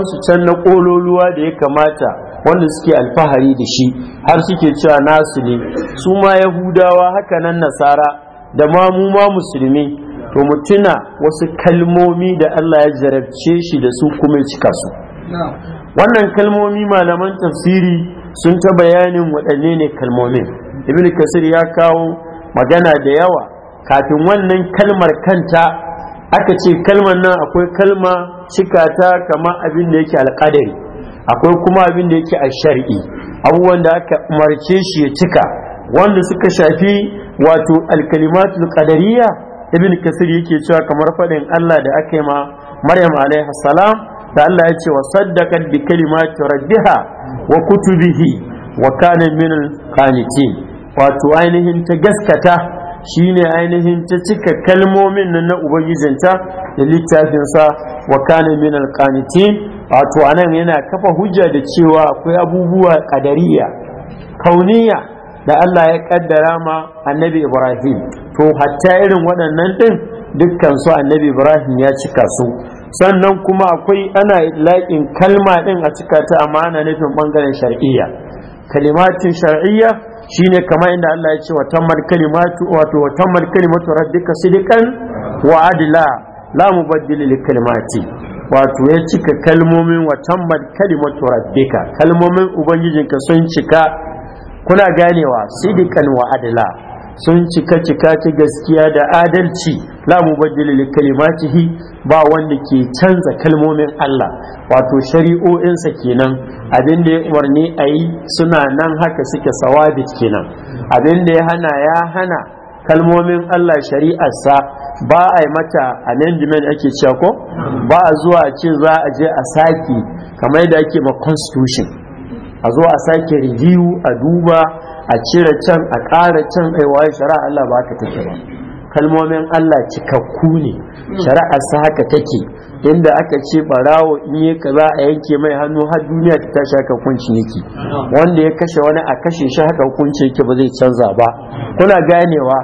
[SPEAKER 3] su can na ƙololuwa da ya kamata wanda suke alfahari da shi har suke cewa nasu ne su ma yahudawa haka nan nasara da ma mu ma musulmi to mu tuna wasu kalmomi da Allah ya jarabce shi da su kuma ya cika su wannan kalmomi malaman tafsiri sun ta bayanin waɗanne ne kalmomin ibn kasir ya kawo magana da yawa kafin wannan kalmar kanta aka ce kalmar nan akwai kalma cikata kama abin da yake alƙadari akwai kuma abin da yake a shari'i abubuwan da aka umarce shi ya cika wanda suka shafi wato alkalimatul qadariyya ibn kasir yake cewa kamar faɗin Allah da aka yi ma Maryam alaihi salam da Allah ya ce wa saddaqat bi kalimati rabbiha wa kutubihi wa kana min qanitin wato ainihin ta gaskata shine ainihin ta cika kalmomin nan na ubangijinta da littafinsa wa kana min qanitin wato anan yana kafa hujja da cewa akwai abubuwa kadariya kauniya da Allah ya kaddara ma annabi Ibrahim to hatta irin waɗannan din dukkan su annabi Ibrahim ya cika su sannan kuma akwai ana laƙin kalma ɗin a cika ta amana nufin ɓangaren shar'iyya kalimatin shar'iyya shine kamar inda Allah ya ce wa tammar kalimatu wato wa tammar kalimatu rabbika Sidikan wa adila la mubaddila li kalimati wato ya cika kalmomin wa tammar kalimatu rabbika kalmomin ubangijinka sun cika kuna ganewa Sidikan wa adila sun cika cika ta gaskiya da adalci la mubaddila li kalimatihi ba wanda ke canza kalmomin Allah wato shari'o'insa kenan abin da ya umarni a yi suna nan haka suke sawabit kenan abin da ya hana ya hana kalmomin Allah shari'arsa ba a yi mata amendment ake cewa ko ba a zuwa ce za a je a sake kamar yadda ake ma constitution a zo a sake review a duba a cire can a ƙara can aiwa shari'a Allah ba ka take ba kalmomin Allah cikakku ne shari'ar sa haka take inda aka ce barawo in yi kaza a yanke mai hannu har duniya ta tashi haka hukunci yake wanda ya kashe wani a kashe shi haka hukunci yake ba zai canza ba kuna ganewa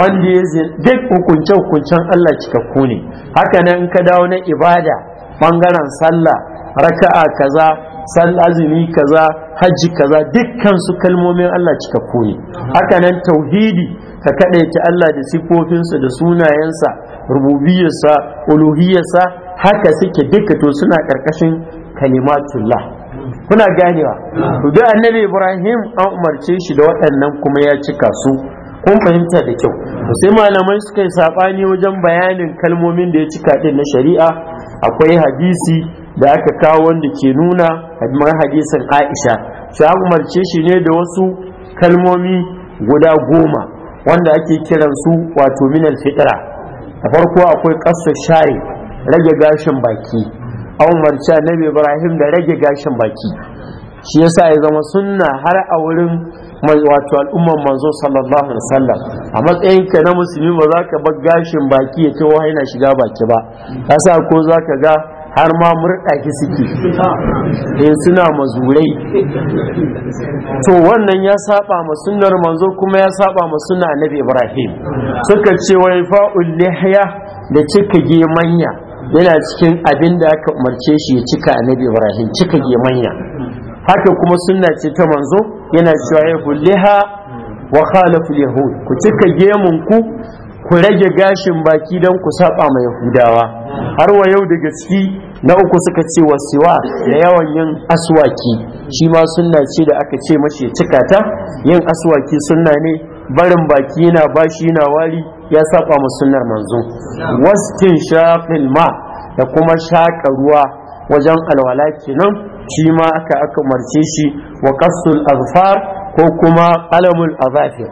[SPEAKER 3] wanda ya duk hukunce hukuncen Allah cikakku ne haka nan in ka dawo na ibada bangaren sallah raka'a kaza sallah azumi kaza hajji kaza dukkan su kalmomin Allah cikakku ne haka nan tauhidi ka kaɗaita Allah da sifofinsa da sunayensa rububiyarsa uluhiyarsa haka suke duka to suna ƙarƙashin kalimatullah kuna ganewa to annabi Ibrahim an umarce shi da waɗannan kuma ya cika su kun fahimta da kyau sai malamai suka yi saɓani wajen bayanin kalmomin da ya cika ɗin na shari'a akwai hadisi da aka kawo wanda ke nuna hadisin aisha shi an umarce shi ne da wasu kalmomi guda goma wanda ake kiran su wato minal fitra da farko akwai kasu share rage gashin baki an umarci annabi ibrahim da rage gashin baki shi yasa ya zama sunna har a wurin wato al'ummar manzo sallallahu alaihi wasallam a matsayin ka na musulmi ba za ka bar gashin baki ya kai wai shiga baki ba kasa ko za ka ga har ma murɗa ki suke in eh, suna mazurai to wannan ya saba ma sunnar manzo kuma ya saba ma sunna annabi Ibrahim suka ce wa fa'ul lihya da cika gemanya yana cikin abin da aka umarce shi ya cika annabi Ibrahim cika gemanya haka kuma sunna ce ta manzo yana cewa ya kulliha wa khalaful yahud ku cika gemun ku ku rage gashin baki don ku saba mai yahudawa har wa yau daga ciki na uku suka ce wa siwa da yawan yin aswaki shi ma sunna ce da aka ce mashi cikata yin aswaki sunna ne barin baki yana bashi yana wari ya saba ma sunnar manzo wastin shaqil ma da kuma shaka ruwa wajen alwala kenan shi ma aka aka marce shi wa qasul azfar ko kuma alamul azafir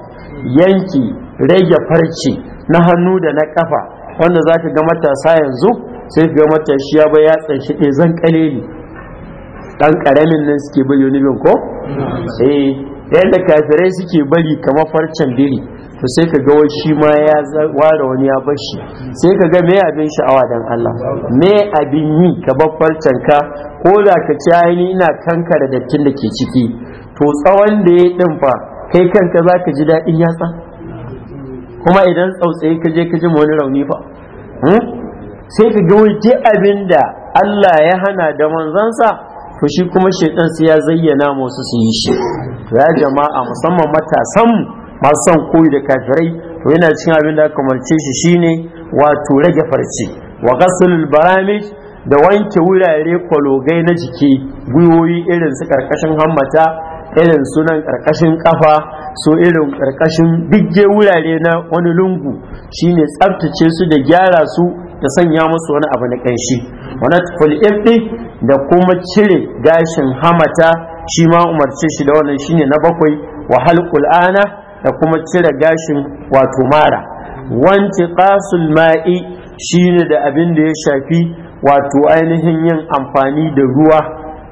[SPEAKER 3] yanki rage farce na hannu da na kafa wanda za ka ga matasa yanzu sai ka ga matashi ya bai yatsan shi ɗaya zan ne Ɗan ƙaramin nan suke bari bin ko eh yadda kafirai suke bari kamar farcen biri to sai ka ga wai shi ma ya ware wani ya bar shi sai ka ga me abin sha'awa dan Allah me abin yi ka bar farcen ka ko da ka ci aini ina kankara dattin da ke ciki to tsawon da ya ɗin fa kai kanka za ka ji daɗin yatsa kuma idan tsautsayi ka je ka ji wani rauni fa hmm? sai ka ga wuce abin da Allah ya hana da manzansa to shi kuma shaitan sai ya zayyana masu su yi shi ya jama'a musamman matasan masu son koyi da kafirai to yana cikin abin da aka umarce shi shine wato rage farce wa ghaslul baramij da wanke wurare kwalogai na jiki guyoyi irin su karkashin hammata irin sunan ƙarƙashin ƙafa su irin ƙarƙashin bigge wurare na wani lungu shine tsabtace su da gyara su da sanya musu wani abu na ƙanshi wani fulɗi da kuma cire gashin hamata shi ma umarce shi da wannan shine na bakwai wahal ƙul'ana, da kuma cire gashin wato mara wanti qasul ma'i shine da abin da ya shafi wato ainihin yin amfani da ruwa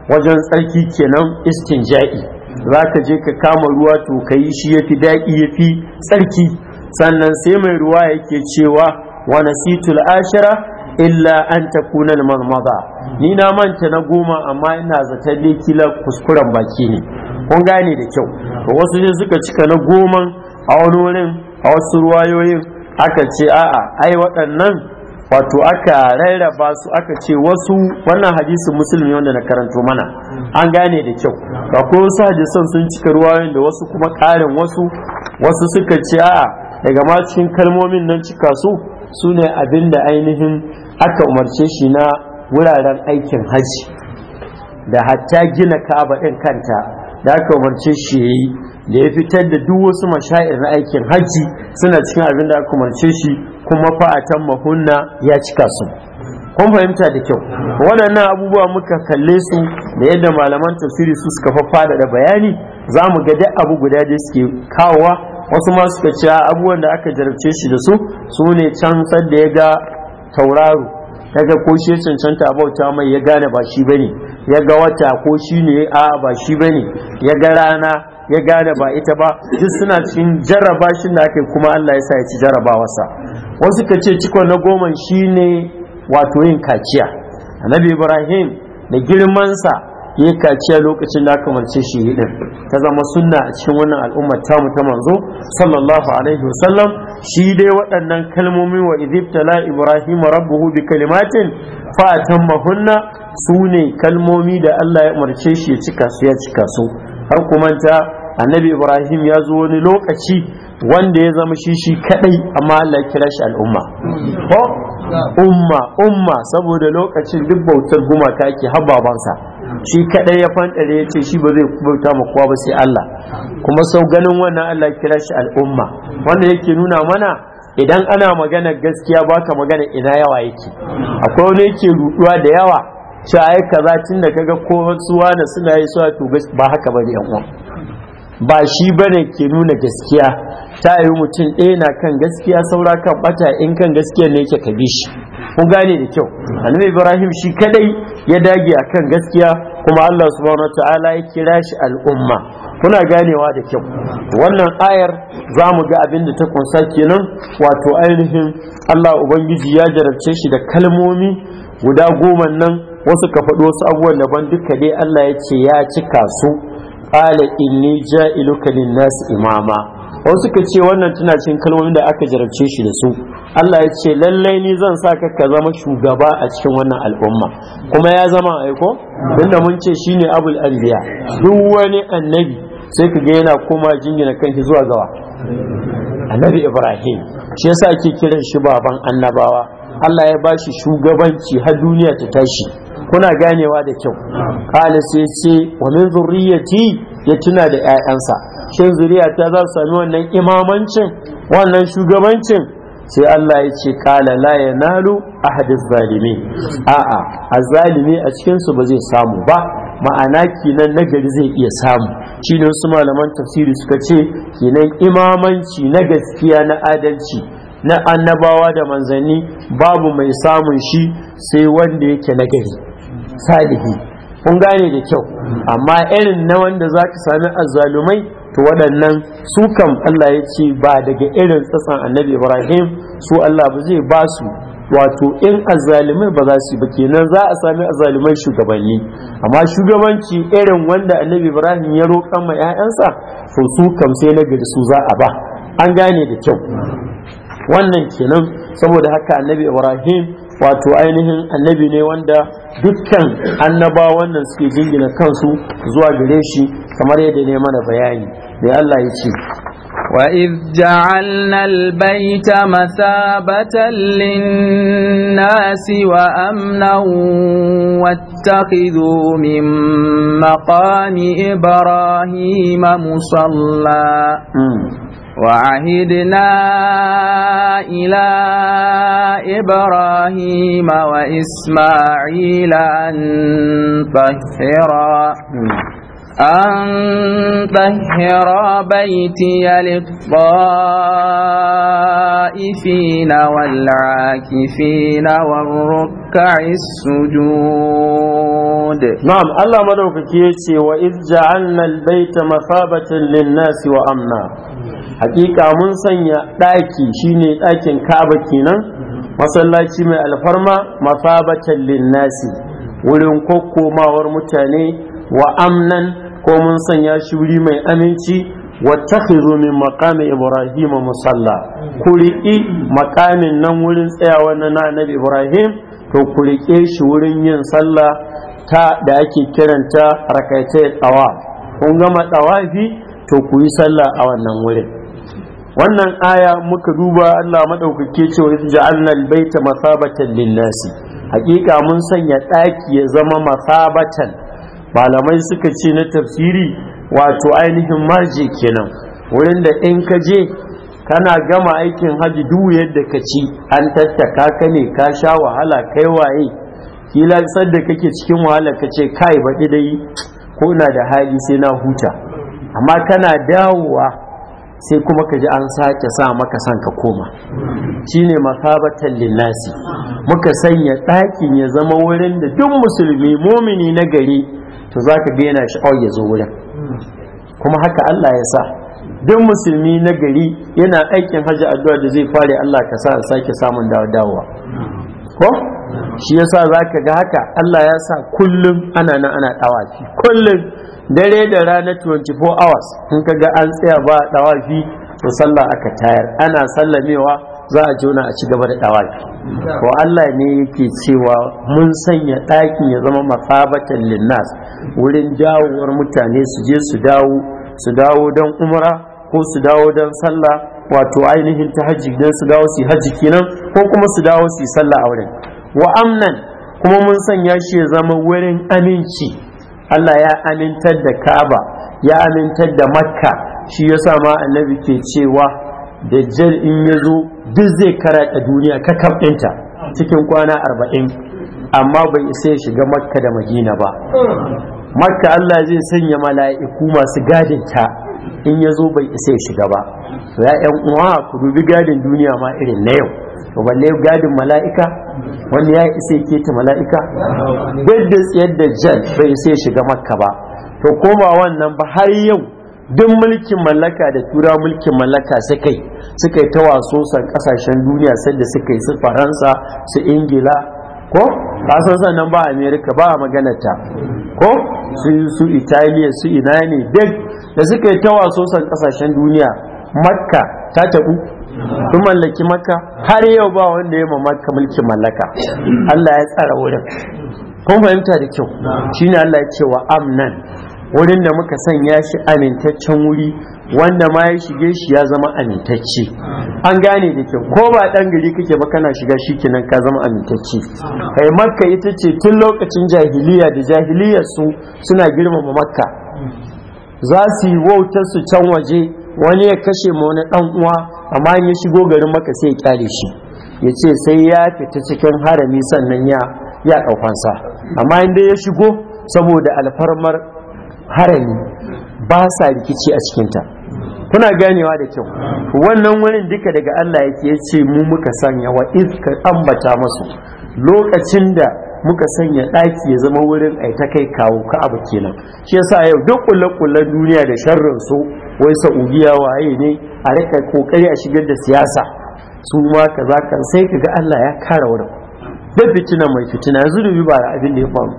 [SPEAKER 3] wajen tsarki kenan istinja'i za ka je ka kama ruwa to ka yi shi ya fi daɗi ya fi tsarki sannan sai mai ruwa yake cewa wa nasitul ashira illa an takuna marmada ni na manta na goma amma ina zaton dai kila kuskuren baki ne kun gane da kyau to wasu sai suka cika na goma a wani wurin a wasu ruwayoyin aka ce a'a ai waɗannan wato aka rarraba su aka ce wasu wannan hadisin musulmi wanda na karanto mana an gane da kyau ba ko wasu hadisan sun cika ruwa da wasu kuma karin wasu wasu suka ce a daga ma cikin kalmomin nan cika su su ne abin da ainihin aka umarce shi na wuraren aikin hajji da hatta gina ka'aba ɗin kanta da aka umarce shi ya yi da ya fitar da duk wasu mashayar na aikin hajji suna cikin abin da aka umarce shi kuma fa'atan mahunna ya cika su kun fahimta da kyau waɗannan abubuwa muka kalle su da yadda malaman tafsiri su suka faffaɗa da bayani za mu ga duk abu guda da suke kawowa wasu ma suka ce abubuwan da aka jarabce shi da su su ne can da ya ga tauraro daga ko shi cancanta bauta mai ya gane ba shi bane ya ga wata ko shi ne a ba shi bane ya ga rana ya gane ba ita ba duk suna cikin jaraba shi da ake kuma Allah ya sa ya ci jarrabawarsa wasu ka ce ciko na goma shine wato yin kaciya annabi ibrahim da girmansa ya kaciya lokacin da aka marce shi yi din ta zama sunna a cikin wannan al'ummar tamu ta manzo sallallahu alaihi wasallam shi dai waɗannan kalmomi wa la ibrahim rabbuhu bi kalimatin fa tammahunna su ne kalmomi da Allah ya umarce shi ya cika su ya cika su har kuma ta annabi ibrahim ya zo wani lokaci wanda ya zama shi shi kadai amma Allah kira shi al'umma ko umma umma saboda lokacin duk bautar gumaka ke har babansa shi kadai ya fantare ya ce shi ba zai bauta ma kowa ba sai Allah kuma sau ganin wannan Allah kira shi al'umma wanda yake nuna mana idan ana magana gaskiya baka magana ina yawa yake akwai wani yake ruduwa da yawa cewa ai kaza tun da kaga ko suwa na suna yi suwa to ba haka bane yan uwa ba shi bane ke nuna gaskiya ta yi mutum ɗaya na kan gaskiya saura kan ɓata in kan gaskiya ne yake kabi shi kun gane da kyau annabi ibrahim shi kadai ya dage a kan gaskiya kuma allah subhanahu ta'ala ya kira shi al'umma kuna ganewa da kyau wannan ayar za mu ga abin da ta kunsa kenan wato ainihin allah ubangiji ya jarabce shi da kalmomi guda goma nan wasu ka faɗi wasu abubuwan daban duka dai allah ya ce ya cika su qala inni ja'iluka lin imama wasu suka ce wannan tana cikin kalmomin da aka jarabce shi da su Allah ya ce lallai ni zan sa ka zama shugaba a cikin wannan al'umma kuma ya zama aiko inda mun ce shine abul anbiya duk wani annabi sai ka ga yana koma jingina kanki zuwa gawa annabi ibrahim shi yasa ake kiran shi baban annabawa Allah ya bashi shugabanci har duniya ta tashi kuna ganewa da kyau kala sai ce wa min zurriyati ya tuna da 'ya'yansa shin zuriyata za su sami wannan imamancin wannan shugabancin sai Allah ya ce kala la yanalu ahadiz zalimi a'a azzalimi a cikin su ba zai samu ba ma'ana kinan nagari zai iya samu shine su malaman tafsiri suka ce kinan imamanci na gaskiya na adalci na annabawa da manzanni babu mai samun shi sai wanda yake nagari salihi kun gane da kyau amma irin na wanda za ka sami azzalumai to waɗannan su kam Allah ya ce ba daga irin tsatsan annabi Ibrahim su Allah ba zai ba su wato in azzalumai ba za su ba kenan za a sami azzalumai shugabanni amma shugabanci irin wanda annabi Ibrahim ya roƙa ma 'ya'yansa to su kam sai na gari su za a ba an gane da kyau wannan kenan saboda haka annabi Ibrahim wato ainihin annabi ne wanda dukkan annaba wannan suke jingina kansu zuwa gare shi kamar yadda ne mana bayani da Allah ya ce
[SPEAKER 4] وإذ جعلنا البيت مثابة للناس وأمنا واتخذوا من مقام إبراهيم مصلى وعهدنا إلى إبراهيم وإسماعيل أن طهرا أن طهرا بيتي للطائفين والعاكفين والركع السجود نعم الله مدعوك كيتي
[SPEAKER 3] وإذ جعلنا البيت مثابة للناس وأمنا hakika mun sanya ɗaki shine ɗakin ka'aba kenan masallaci mai alfarma mafabatan linnasi wurin kokkomawar mutane wa amnan ko mun sanya shi wuri mai aminci wattakhidhu min maqami ibrahim musalla kuriki makamin nan wurin tsayawa na annabi ibrahim to kurike shi wurin yin sallah ta da ake kiranta rakaitai tsawa kun gama tsawafi to ku yi sallah a wannan wurin wannan aya muka duba Allah madaukake cewa annal baita masabatan linnasi hakika mun sanya ɗaki ya zama masabatan malamai suka ce na tafsiri wato ainihin marje kenan wurin da in ka je kana gama aikin haji duk yadda ka ci an tattaka ka ne ka sha wahala kai waye kila da kake cikin wahala ka ce kai baɗi dai ko na da hali sai na huta amma kana dawowa sai kuma ka ji an sake sa maka san ka koma shine masabatan linnasi muka sanya ɗakin ya zama wurin da duk musulmi mumini na gari to za ka ga yana sha'awar ya zo wurin kuma haka Allah ya sa duk musulmi na gari yana aikin hajji addu'a da zai fare Allah ka sa sake samun dawowa ko shi yasa za ka ga haka Allah ya sa kullum ana nan ana ɗawa ɗawafi kullum dare da rana 24 hours in ka ga an tsaya ba dawafi to sallah aka tayar ana sallamewa za a jona a ci gaba da dawafi ko Allah ne yake cewa mun sanya ɗakin ya zama masabatan linnas wurin jawowar mutane su je su dawo su dawo don umra ko su dawo don sallah wato ainihin ta hajji don su dawo su hajji kenan ko kuma su dawo su sallah a wurin wa amnan kuma mun sanya shi ya zama wurin aminci Allah ya amintar da Ka'aba ya amintar da Makka shi ya ma annabi ke cewa dajjal in ya zo duk zai karata duniya ka kamɗinta cikin kwana arba'in amma bai isa ya shiga makka da madina ba hmm. makka Allah zai sanya mala'iku masu gadinta in ya zo bai isa ya shiga ba to ya yan uwa ku dubi gadin duniya ma irin na yau to balle gadin mala'ika wani ya isa ya keta mala'ika gadda tsayar da jan bai isa ya shiga makka ba to koma wannan ba har yau duk mulkin mallaka da tura mulkin mallaka suka yi suka yi ta waso san kasashen duniya sanda suka yi su faransa su ingila ko kasan sannan ba amerika ba magana ta? ko su italiya su ina ne duk da suka yi tawa sosan kasashen duniya makka ta tabu sun mallaki makka har yau ba wanda ya makka mulkin mallaka allah ya tsara wurin kun fahimta da kyau shine allah ya ce wa amnan wurin da muka sanya shi amintaccen wuri wanda ma ya shige shi ya zama amintacce an gane da kyau ko ba ɗan gari kake ba kana shiga shi kenan ka zama amintacce kai eh, makka ita ce tun lokacin jahiliya da jahiliya su suna girmama makka za su yi wautar su can waje wani ya kashe ma wani ɗan uwa amma ya shigo garin makka sai ya kyale shi ya ce sai ya fita cikin harami sannan ya ya ɗaukansa amma inda ya shigo saboda alfarmar harami ba sa rikici a cikinta kuna ganewa da kyau wannan wurin duka daga Allah yake ce mu muka sanya wa iska ambata masu lokacin da muka sanya ɗaki ya zama wurin ai ta kai kawo abu kenan shi yasa yau duk kulle-kullen duniya da sharrin su wai saudiya waye ne a rika kokari a shigar da siyasa su ma kaza kan sai kaga Allah ya kara wurin da fitina mai fitina yanzu dubi ba abin da ya faru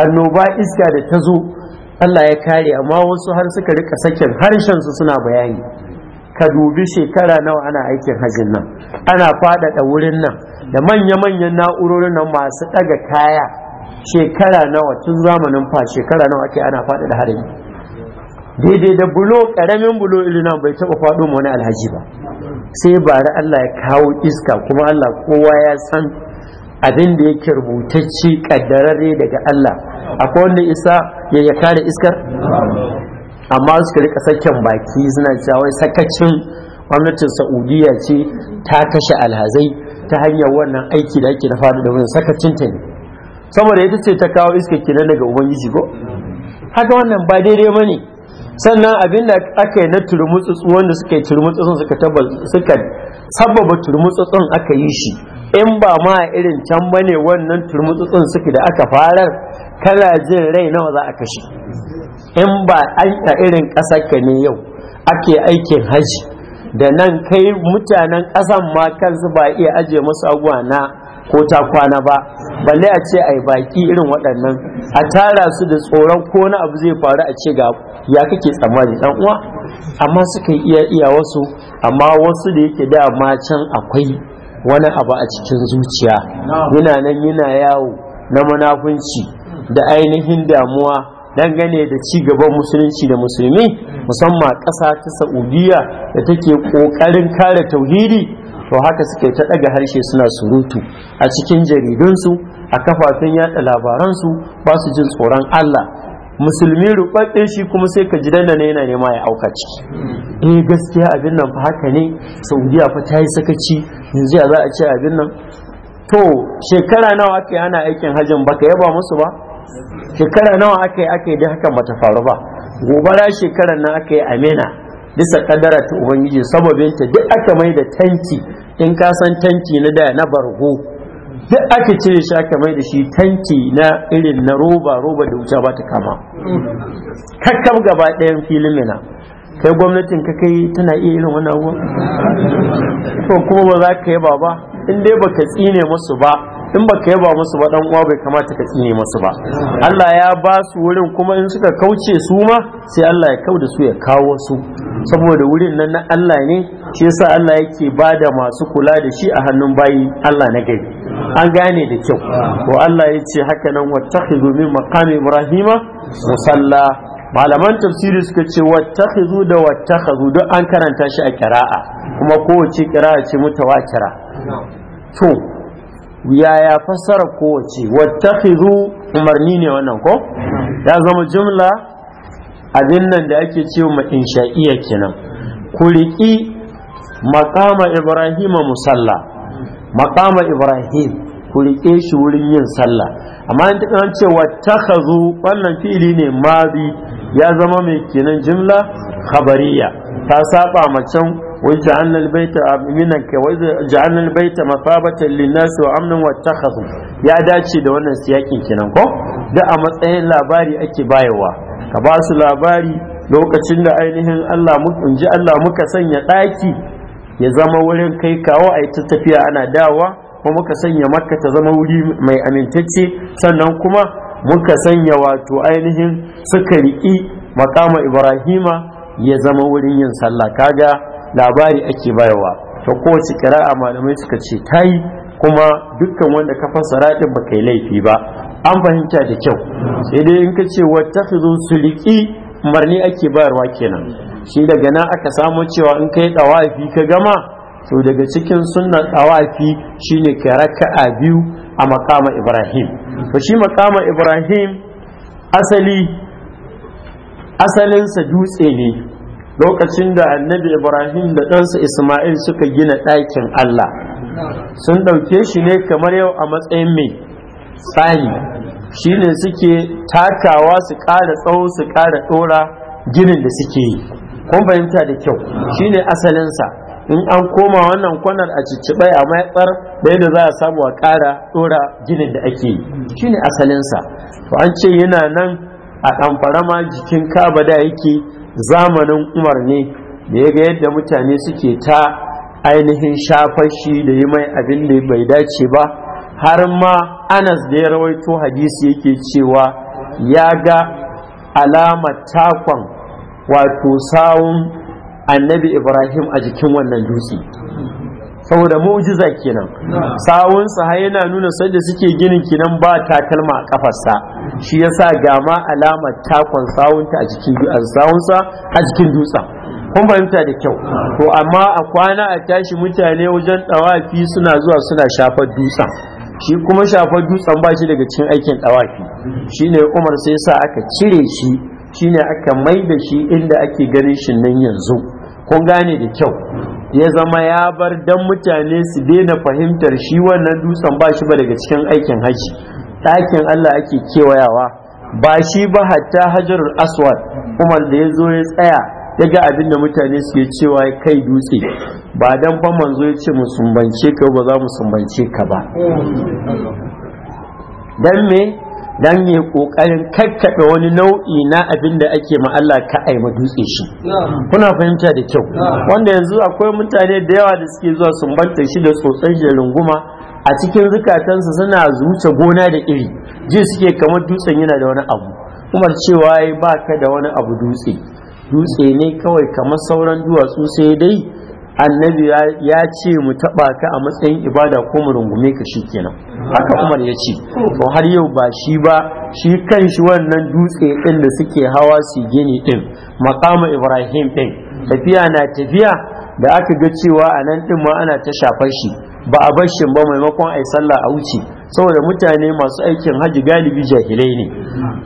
[SPEAKER 3] annoba iska da ta zo Allah ya kare amma wasu har suka rika sakin harshen su suna bayani ka dubi shekara nawa ana aikin hajjin nan ana faɗaɗa wurin nan da manya-manyan na'urorin nan masu ɗaga kaya shekara nawa tun zamanin fa shekara nawa ake ana faɗaɗa harin daidai da bulo karamin bulo na bai taɓa faɗo wani alhaji ba sai bara Allah ya kawo iska kuma Allah kowa ya san abin da yake rubutacci kaddararre daga Allah akwai wanda isa ya ya kare iskar amma suka rika sakin baki suna cewa sakacin gwamnatin saudiya ce ta kashe alhazai ta hanyar wannan aiki da ake na faru da wani sakacin ta ne saboda ita ce ta kawo iska kenan daga ubangiji ko haka wannan ba daidai ba ne sannan abin da aka yi na turmutsutsu wanda suka yi turmutsutsun suka suka sababa turmutsutsun aka yi shi in ba ma irin can bane wannan turmutsutsun suka da aka farar kala jin rai nawa za a kashe in ba an irin ƙasar ka ne yau ake aikin haji da nan kai mutanen ƙasan ma kansu ba iya aje masu abuwa na ko ta kwana ba balle a ce ai baki irin waɗannan a tara su da tsoron ko na abu zai faru a ce ga ya kake tsammani dan uwa amma suka yi iya iya wasu amma wasu da yake da ma can akwai wani abu a cikin zuciya yana nan yana yawo na munafunci da ainihin damuwa dangane da ci gaban musulunci da musulmi musamman ƙasa ta saudiya da take ƙoƙarin kare tauhidi to haka suke ta daga harshe suna surutu a cikin jaridunsu a kafafen yada labaransu ba su jin tsoron Allah musulmi rubabbe shi kuma sai ka ji danda yana nema ya auka ciki eh gaskiya abin nan fa haka ne saudiya fa ta yi sakaci yanzu ya za a ce abin nan to shekara nawa aka yi ana aikin hajjin baka yaba musu ba shekara nawa aka yi aka yi da hakan bata faru ba gobara shekarar nan aka yi amina bisa kadara ta ubangiji sababin ta duk aka mai da tanti in ka san tanki na da na bargo duk ake cire shi aka mai da shi tanki na irin na roba roba da wuta ba ta kama kakkam gaba ɗayan filin mina kai gwamnatin ka kai tana iya irin wani abuwa to kuma ba za ka yaba ba ba in dai baka tsine musu ba in baka yaba musu ba dan uwa bai kamata ka tsine musu ba Allah ya ba su wurin kuma in suka kauce su ma sai Allah ya kau da su ya kawo su saboda wurin nan na Allah ne shi yasa Allah yake bada masu kula da shi a hannun bayi Allah na gari an gane da kyau to Allah ya ce haka nan wattakhidhu min maqami ibrahima musalla malaman tafsiri suka ce wattakhidhu da wattakhadhu duk an karanta shi a kira'a kuma kowace kira'a ce mutawatira to yaya fasara kowace wattakhidhu umarni ne wannan ko ya zama jimla abin nan da ake ce cewa insha'iya kenan ku riƙi makama ibrahima musalla Makama ibrahim ku riƙe shi wurin yin sallah amma in an ce wattakhadhu wannan fili ne mabi ya zama mai kenan jimla khabariya ta saba macen وجعلنا البيت منك وجعلنا البيت مثابة للناس وأمنا واتخذوا يا داتشي da wannan siyakin kenan ko da a matsayin labari ake bayarwa ka ba su labari lokacin da ainihin Allah Allah muka sanya ɗaki ya zama wurin kai kawo a ta tafiya ana dawa ko muka sanya makka ta zama wuri mai amintacce sannan kuma muka sanya wato ainihin suka riƙi makama ibrahima ya zama wurin yin sallah kaga labari ake bayarwa to kowace kira'a malamai suka ce ta yi kuma dukkan wanda ka fassara din ba kai laifi ba an fahimta da kyau sai dai in ka ce wata wattakhidhu suliki marni ake bayarwa kenan shi daga nan aka samu cewa in ka yi dawafi ka gama to daga cikin sunnan dawafi shine ka a biyu a makama Ibrahim to shi makama Ibrahim asali asalinsa dutse ne lokacin da annabi ibrahim da ɗansa isma'il suka gina ɗakin allah sun ɗauke shi ne kamar yau a matsayin mai shi ne suke takawa su ƙara tsawo su ƙara ɗora ginin da suke yi kun fahimta da kyau shi ne asalinsa in an koma wannan kwanar a cicciɓai a matsar da yadda za a samu a ƙara ɗora ginin da ake yi ne asalinsa to an ce yana nan a ɗamfara ma jikin kaba da yake zamanin umar ne da ya ga yadda mutane suke ta ainihin shafashi da yi mai abin da bai dace ba har ma anas da ya rawaito hadisi yake cewa ya ga alamar takon wato sawun annabi ibrahim a jikin wannan dutse saboda mu'jiza kenan sawun sa yana nuna sanda suke ginin kenan ba takalma a kafarsa shi yasa ga ma alamar takon sawunta a jikin sawunsa a jikin dutsen kun fahimta da kyau to amma a kwana a tashi mutane wajen dawafi suna zuwa suna shafar dutsen shi kuma shafar dutsen ba shi daga cikin aikin dawafi shine umar sai yasa aka cire shi shine aka mai da shi inda ake ganin shi nan yanzu kun gane da kyau ya zama ya bar dan mutane su daina fahimtar shi wannan dutsen ba shi ba daga cikin aikin haji ɗakin Allah ake kewayawa ba shi ba hatta hajarul aswad umar da ya zo ya tsaya ya ga abin da mutane suke cewa kai dutse ba dan fa manzo ya ce mu sumbance ka ba za mu sumbance ka ba hmm. dan me dan yi kokarin kakkaɓe wani nau'i na abin da ake ma Allah ka aima dutse shi kuna fahimta da kyau wanda yanzu akwai mutane da yawa da suke zuwa sumbanta shi da tsotsan shi da runguma a cikin zukatansa suna zuce gona da iri ji suke kamar dutsen yana da wani abu kuma cewa ba ka da wani abu dutse dutse ne kawai kamar sauran duwatsu sai dai annabi ya ce mu taba ka a matsayin ibada ko mu rungume ka shi kenan haka umar ya ce to har yau ba shi ba shi kan shi wannan dutse din da suke hawa su gini din makama ibrahim din tafiya na tafiya da aka ga cewa a nan din ma ana ta shafar shi ba a bar shi ba maimakon ai sallah a wuce saboda mutane masu aikin haji galibi jahilai ne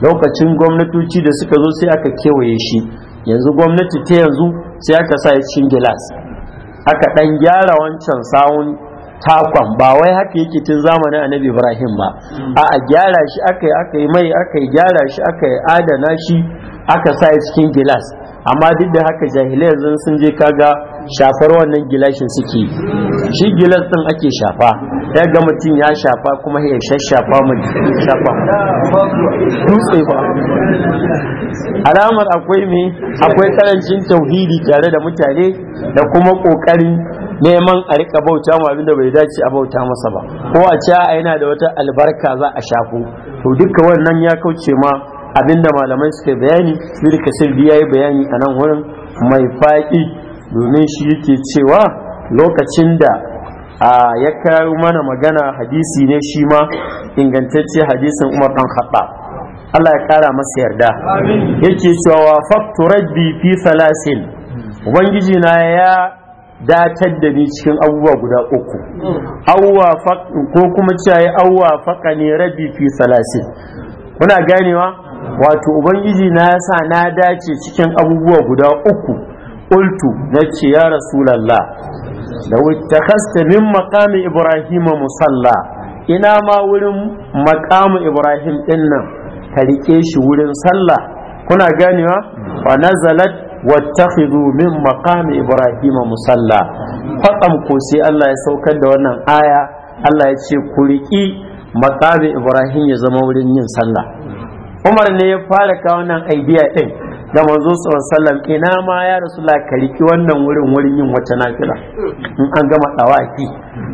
[SPEAKER 3] lokacin gwamnatoci da suka zo sai aka kewaye shi yanzu gwamnati ta yanzu sai aka sa cikin gilas aka dan gyara wancan sawun takwan ba wai haka yake tun zamanin annabi ibrahim ba a a gyara shi aka yi aka yi mai aka yi gyara shi aka yi adana shi aka sa cikin gilas amma duk da haka jahilai sun je kaga shafar wannan gilashin suke shi gilas din ake shafa ya ga mutum ya shafa kuma ya shashafa mu shafa dutse ba alamar akwai me akwai karancin tauhidi tare da mutane da kuma kokarin neman a rika bauta ma abinda bai dace a bauta masa ba ko a ce a yana da wata albarka za a shafo to duka wannan ya kauce ma abinda malamai suka bayani ibn kasir ya yi bayani a nan wurin mai faɗi domin shi yake cewa lokacin da a ya kawo mana magana hadisi ne shi ma ingantacce hadisin umar dan haɗa. Allah ya kara masa yarda yake cewa faktu rabbi fi salasin ubangiji na ya datar da ni cikin abubuwa guda uku ko kuma cewa awwa faka ne rabbi fi salasin kuna ganewa wato ubangiji na ya sa na dace cikin abubuwa guda uku qultu nace ya rasulullah da wutakasta min maqami ibrahim musalla ina ma wurin maqamu ibrahim din nan ka rike shi wurin sallah kuna ganewa wa nazalat wattakhidhu min maqami ibrahim musalla faqam ko sai Allah ya saukar da wannan aya Allah ya ce ku riki maqami ibrahim ya zama wurin yin sallah Umar ne ya fara kawo nan idea din da manzo sallam ina ma ya rasulullah ka riki wannan wurin wurin yin wata nafila in an gama dawaki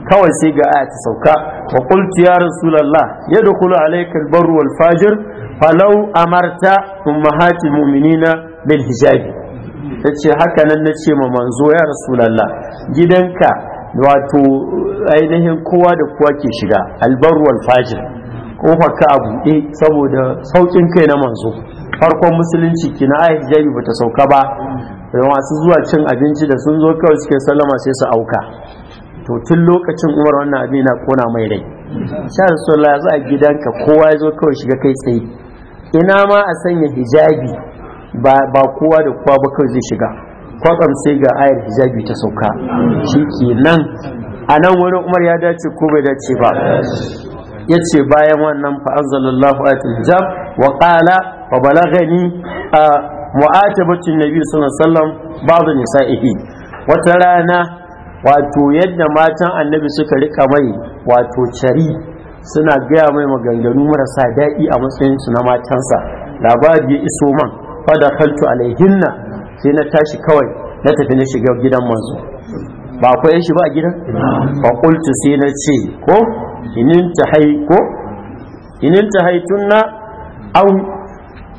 [SPEAKER 3] kawai sai ga aya ta sauka wa qultu ya rasulullah yadkhulu alayka albar wal fajir falau amarta ummahatil mu'minina bil hijabi tace haka nan nace ma manzo ya rasulullah gidanka wato ainihin kowa da kowa ke shiga albar wal fajir kofa ka abu saboda saukin kai na manzo farkon musulunci ki na ayat hijabi bata sauka ba da masu zuwa cin abinci da sun zo kawai suke sallama sai su auka to tun lokacin umar wannan abin na kona mai rai sha rasulullah ya za a ka kowa ya zo kawai shiga kai tsaye ina ma a sanya hijabi ba kowa da kowa ba kawai zai shiga kwatsam sai ga ayar hijabi ta sauka shi a nan wurin umar ya dace ko bai dace ba ya ce bayan wannan fa'anzalallahu ayatul hijab wa qala fa balagani a mu'atabatin nabi sallallahu alaihi wasallam ba'd nisa'ihi wata rana wato yadda matan annabi suka rika mai wato cari suna gaya mai maganganu marasa daɗi a matsayin su na matansa labari ya iso man fada kaltu alaihinna sai na tashi kawai na tafi na shiga gidan manzo ba ku shi ba a gidan ba kultu sai na ce ko inin ta hai inin ta hai tunna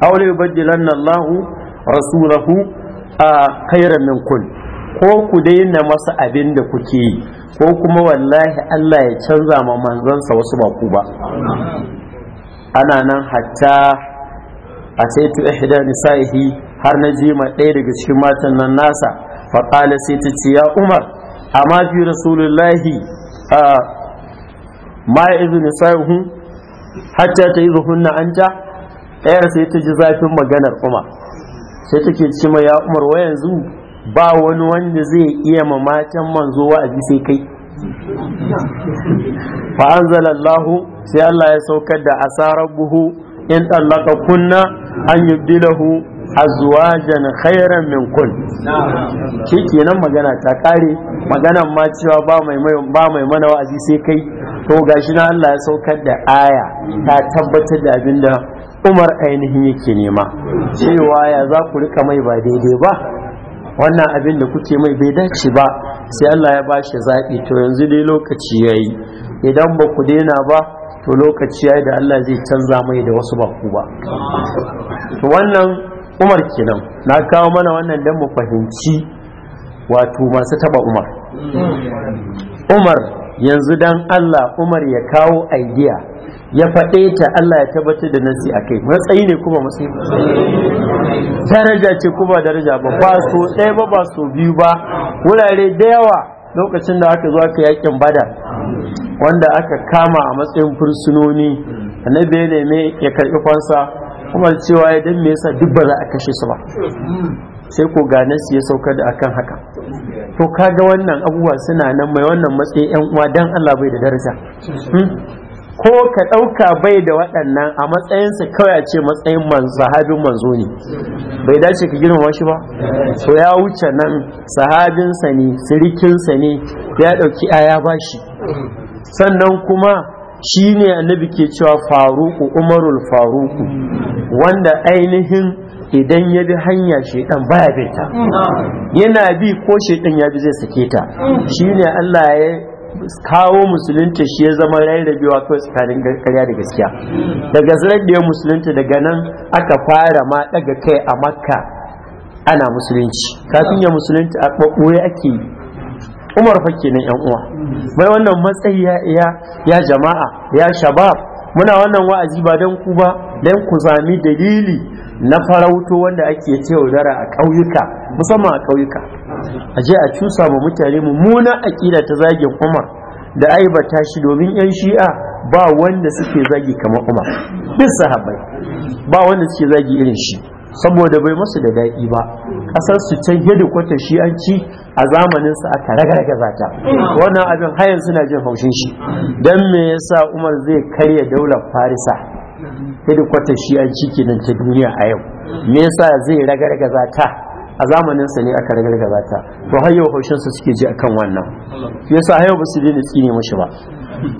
[SPEAKER 3] aw la Allahu rasulahu a khairan min kun ko ku daina masa abin da kuke yi ko kuma wallahi Allah ya canza ma manzansa wasu ba ba ana nan hatta a sai tu ihda nisa'ihi har na jima ɗaya daga cikin matan nan nasa fa qala sai ta ce ya Umar amma fi rasulullahi a ma izu nisa'ihu hatta ta yi zuhunna anta ɗayar sai ta ji zafin maganar umar sai ta ke cima ya umar wa yanzu ba wani wanda zai iya ma matan manzo wa'azi sai kai fa anzalallahu sai Allah ya saukar da asarar buhu in ɗallaka kunna an yi dilahu azwajan khairan min kun shi kenan magana ta kare maganar ma cewa ba mai ba mai mana wa'azi sai kai to gashi na Allah ya saukar da aya ta tabbatar da abinda umar ainihin yake nema cewa ya za ku rika mai ba daidai ba wannan abin da kuke mai bai dace ba sai Allah ya ba bashi zaɓi to yanzu dai lokaci ya yi idan ba ku daina ba to lokaci ya yi da Allah zai canza mai da wasu baku ba to wannan umar kenan na kawo mana wannan don mu fahimci wato masu taba umar umar yanzu dan Allah Umar ya kawo idea ya faɗe ta Allah ya tabbatar da nasi a kai matsayi ne kuma matsayi daraja ce kuma daraja ba ba so ɗaya ba ba so biyu ba wurare da yawa lokacin da aka zo aka yakin bada wanda aka kama a matsayin fursunoni annabi ya neme ya karɓi kwansa kuma cewa idan me yasa duk ba za a kashe su ba sai ko ga nasi ya sauka da akan haka to kaga wannan abubuwa suna nan mai wannan matsayi yan uwa dan Allah bai da daraja hmm? ko ka ɗauka bai da waɗannan a matsayinsa kawai a ce matsayin sahabin manzo ne bai dace ka girmama shi ba to ya wuce nan sahabinsa ne sirikinsa ne ya ɗauki aya ba shi sannan kuma shi ne annabi ke cewa faruku umarul faruku wanda ainihin idan ya bi hanya shaidan baya bai ta mm. yana bi ko shaidan ya bi zai sake ta mm. shine Allah ya kawo musulunta shi ya zama rarrabewa ko tsakanin karya da gaskiya mm. daga zarar da ya musulunta daga nan aka fara ma daga kai a makka ana musulunci kafin ya musulunta a ɓaɓɓoye ake yi umar fa na yan uwa bai wannan matsayi ya jama'a ya shabab muna wannan wa'azi ba don ku ba don ku sami dalili na farauto wanda ake ce a ƙauyuka musamman a ƙauyuka a je a cusa ma mutane mummuna aƙida ta zagin umar da aibata shi domin 'yan shi'a ba wanda suke zagi kamar umar bin sahabbai ba wanda suke zagi irin shi saboda bai masu da daɗi ba ƙasar su can an shi'anci a zamanin sa aka ragarga zata wannan abin hayan suna jin haushin shi don me yasa umar zai karya daular farisa hedikwatar shi an ciki nan ta duniya a yau me yasa zai ragargaza ta a zamanin sa ne aka ragargaza ta to har yau haushin su suke ji akan wannan yasa har yau ba su daina tsine mushi ba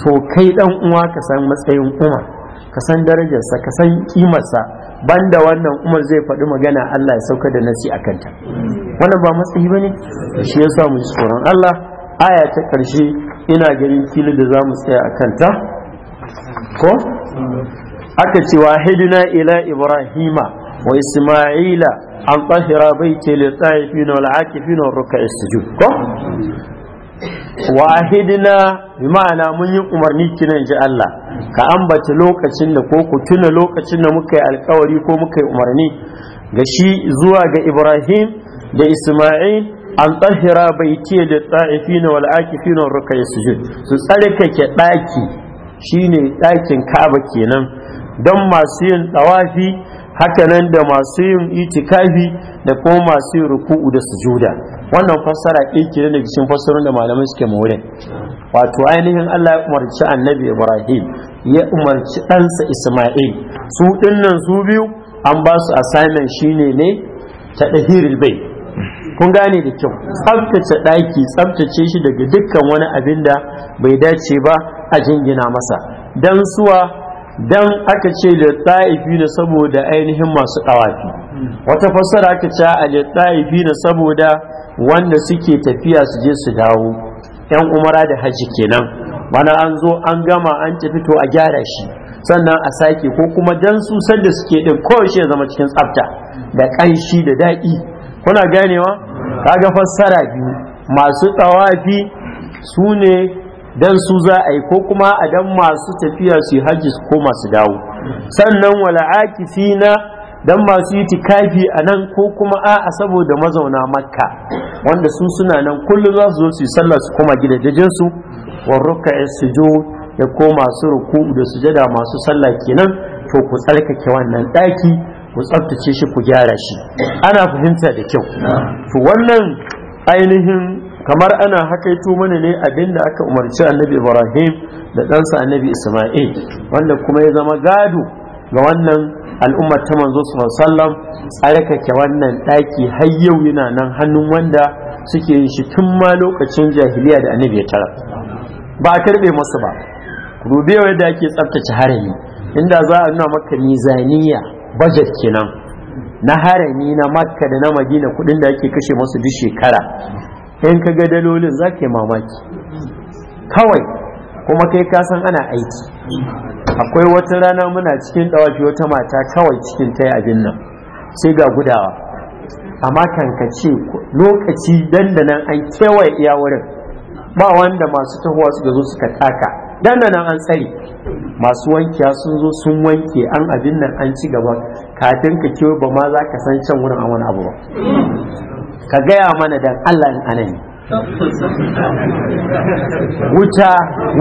[SPEAKER 3] to kai dan uwa ka san matsayin umar ka san darajarsa ka san kimarsa banda wannan umar zai faɗi magana Allah ya sauka da nasi a kanta wannan ba matsayi bane shi yasa mu ji tsoron Allah aya ta ƙarshe ina ganin fili da za mu tsaya a kanta ko aka ce wa hidina ila ibrahima wa isma'ila an tahira baiti lil taifin wal akifin wal ruk'is sujud ko wa hidina bi ma'ana mun yi umarni kinan ji Allah ka ambaci lokacin da ko ku tuna lokacin da muka yi alkawari ko muka yi umarni ga shi zuwa ga Ibrahim da Isma'il an tsahira baiti da ta'ifina wal akifina rukai sujud su tsarkake daki shine dakin kaba kenan don masu yin ɗawafi nan da masu yin itikafi da kuma masu yin ruku'u da sujuda wannan fassara ne da cikin fassarun da malamai suke maurin wato ainihin Allah ya umarci annabi Ibrahim ya umarci ɗansa Ismail su ɗinnan su biyu an ba su assignment shine ne ta ɗahiril bai kun gane da kyau tsabtace ɗaki tsabtace shi daga dukkan wani abin da bai dace ba a jingina masa dan suwa dan aka ce littafi na saboda ainihin masu ɗawafi wata fassara aka ce a littafi na saboda wanda suke tafiya su je su dawo yan umara da hajji kenan mana an zo an gama an tafi to a gyara shi sannan a sake ko kuma dan su sanda suke din kowace ya zama cikin tsafta da ƙanshi da daɗi kuna ganewa kaga fassara biyu masu ɗawafi sune. dan su za a yi ko kuma a dan masu tafiya su hajji su koma dawo sannan wala akifina dan masu yi tikafi a nan ko kuma a'a saboda mazauna makka wanda su suna nan kullum za su zo su yi sallah su koma gidajen su wa ya sujo da ko masu ruku da sujada masu sallah kenan to ku tsarkake wannan daki ku tsaftace shi ku gyara shi ana fahimta da kyau to wannan ainihin kamar ana hakaito mana ne abinda aka umarci annabi ibrahim da ɗansa annabi isma'il wanda kuma ya zama gado ga wannan al'ummar ta manzo sallam tsarkake wannan ɗaki har yau yana nan hannun wanda suke yin shi tun ma lokacin jahiliya da annabi ya tara ba a karɓe masu ba rubewa yadda ake tsaftace harami inda za a nuna maka mizaniya budget kenan na harami na makka da na madina kuɗin da ake kashe masu duk shekara in ka ga dalolin za ka yi mamaki kawai kuma kai ka san ana aiki akwai wata rana muna cikin ɗawafi wata mata kawai cikin ta abin nan sai ga gudawa amma ce lokaci dandanan an kewaye iya wurin ba wanda masu tahowa suka zo suka taka dandanan an tsare masu wankiya sun zo sun wanke an abin nan an ci gaba kafin ka kewa ba ma za ka san can wurin an wani abu
[SPEAKER 2] ba
[SPEAKER 3] ka gaya mana dan Allah in anan wuta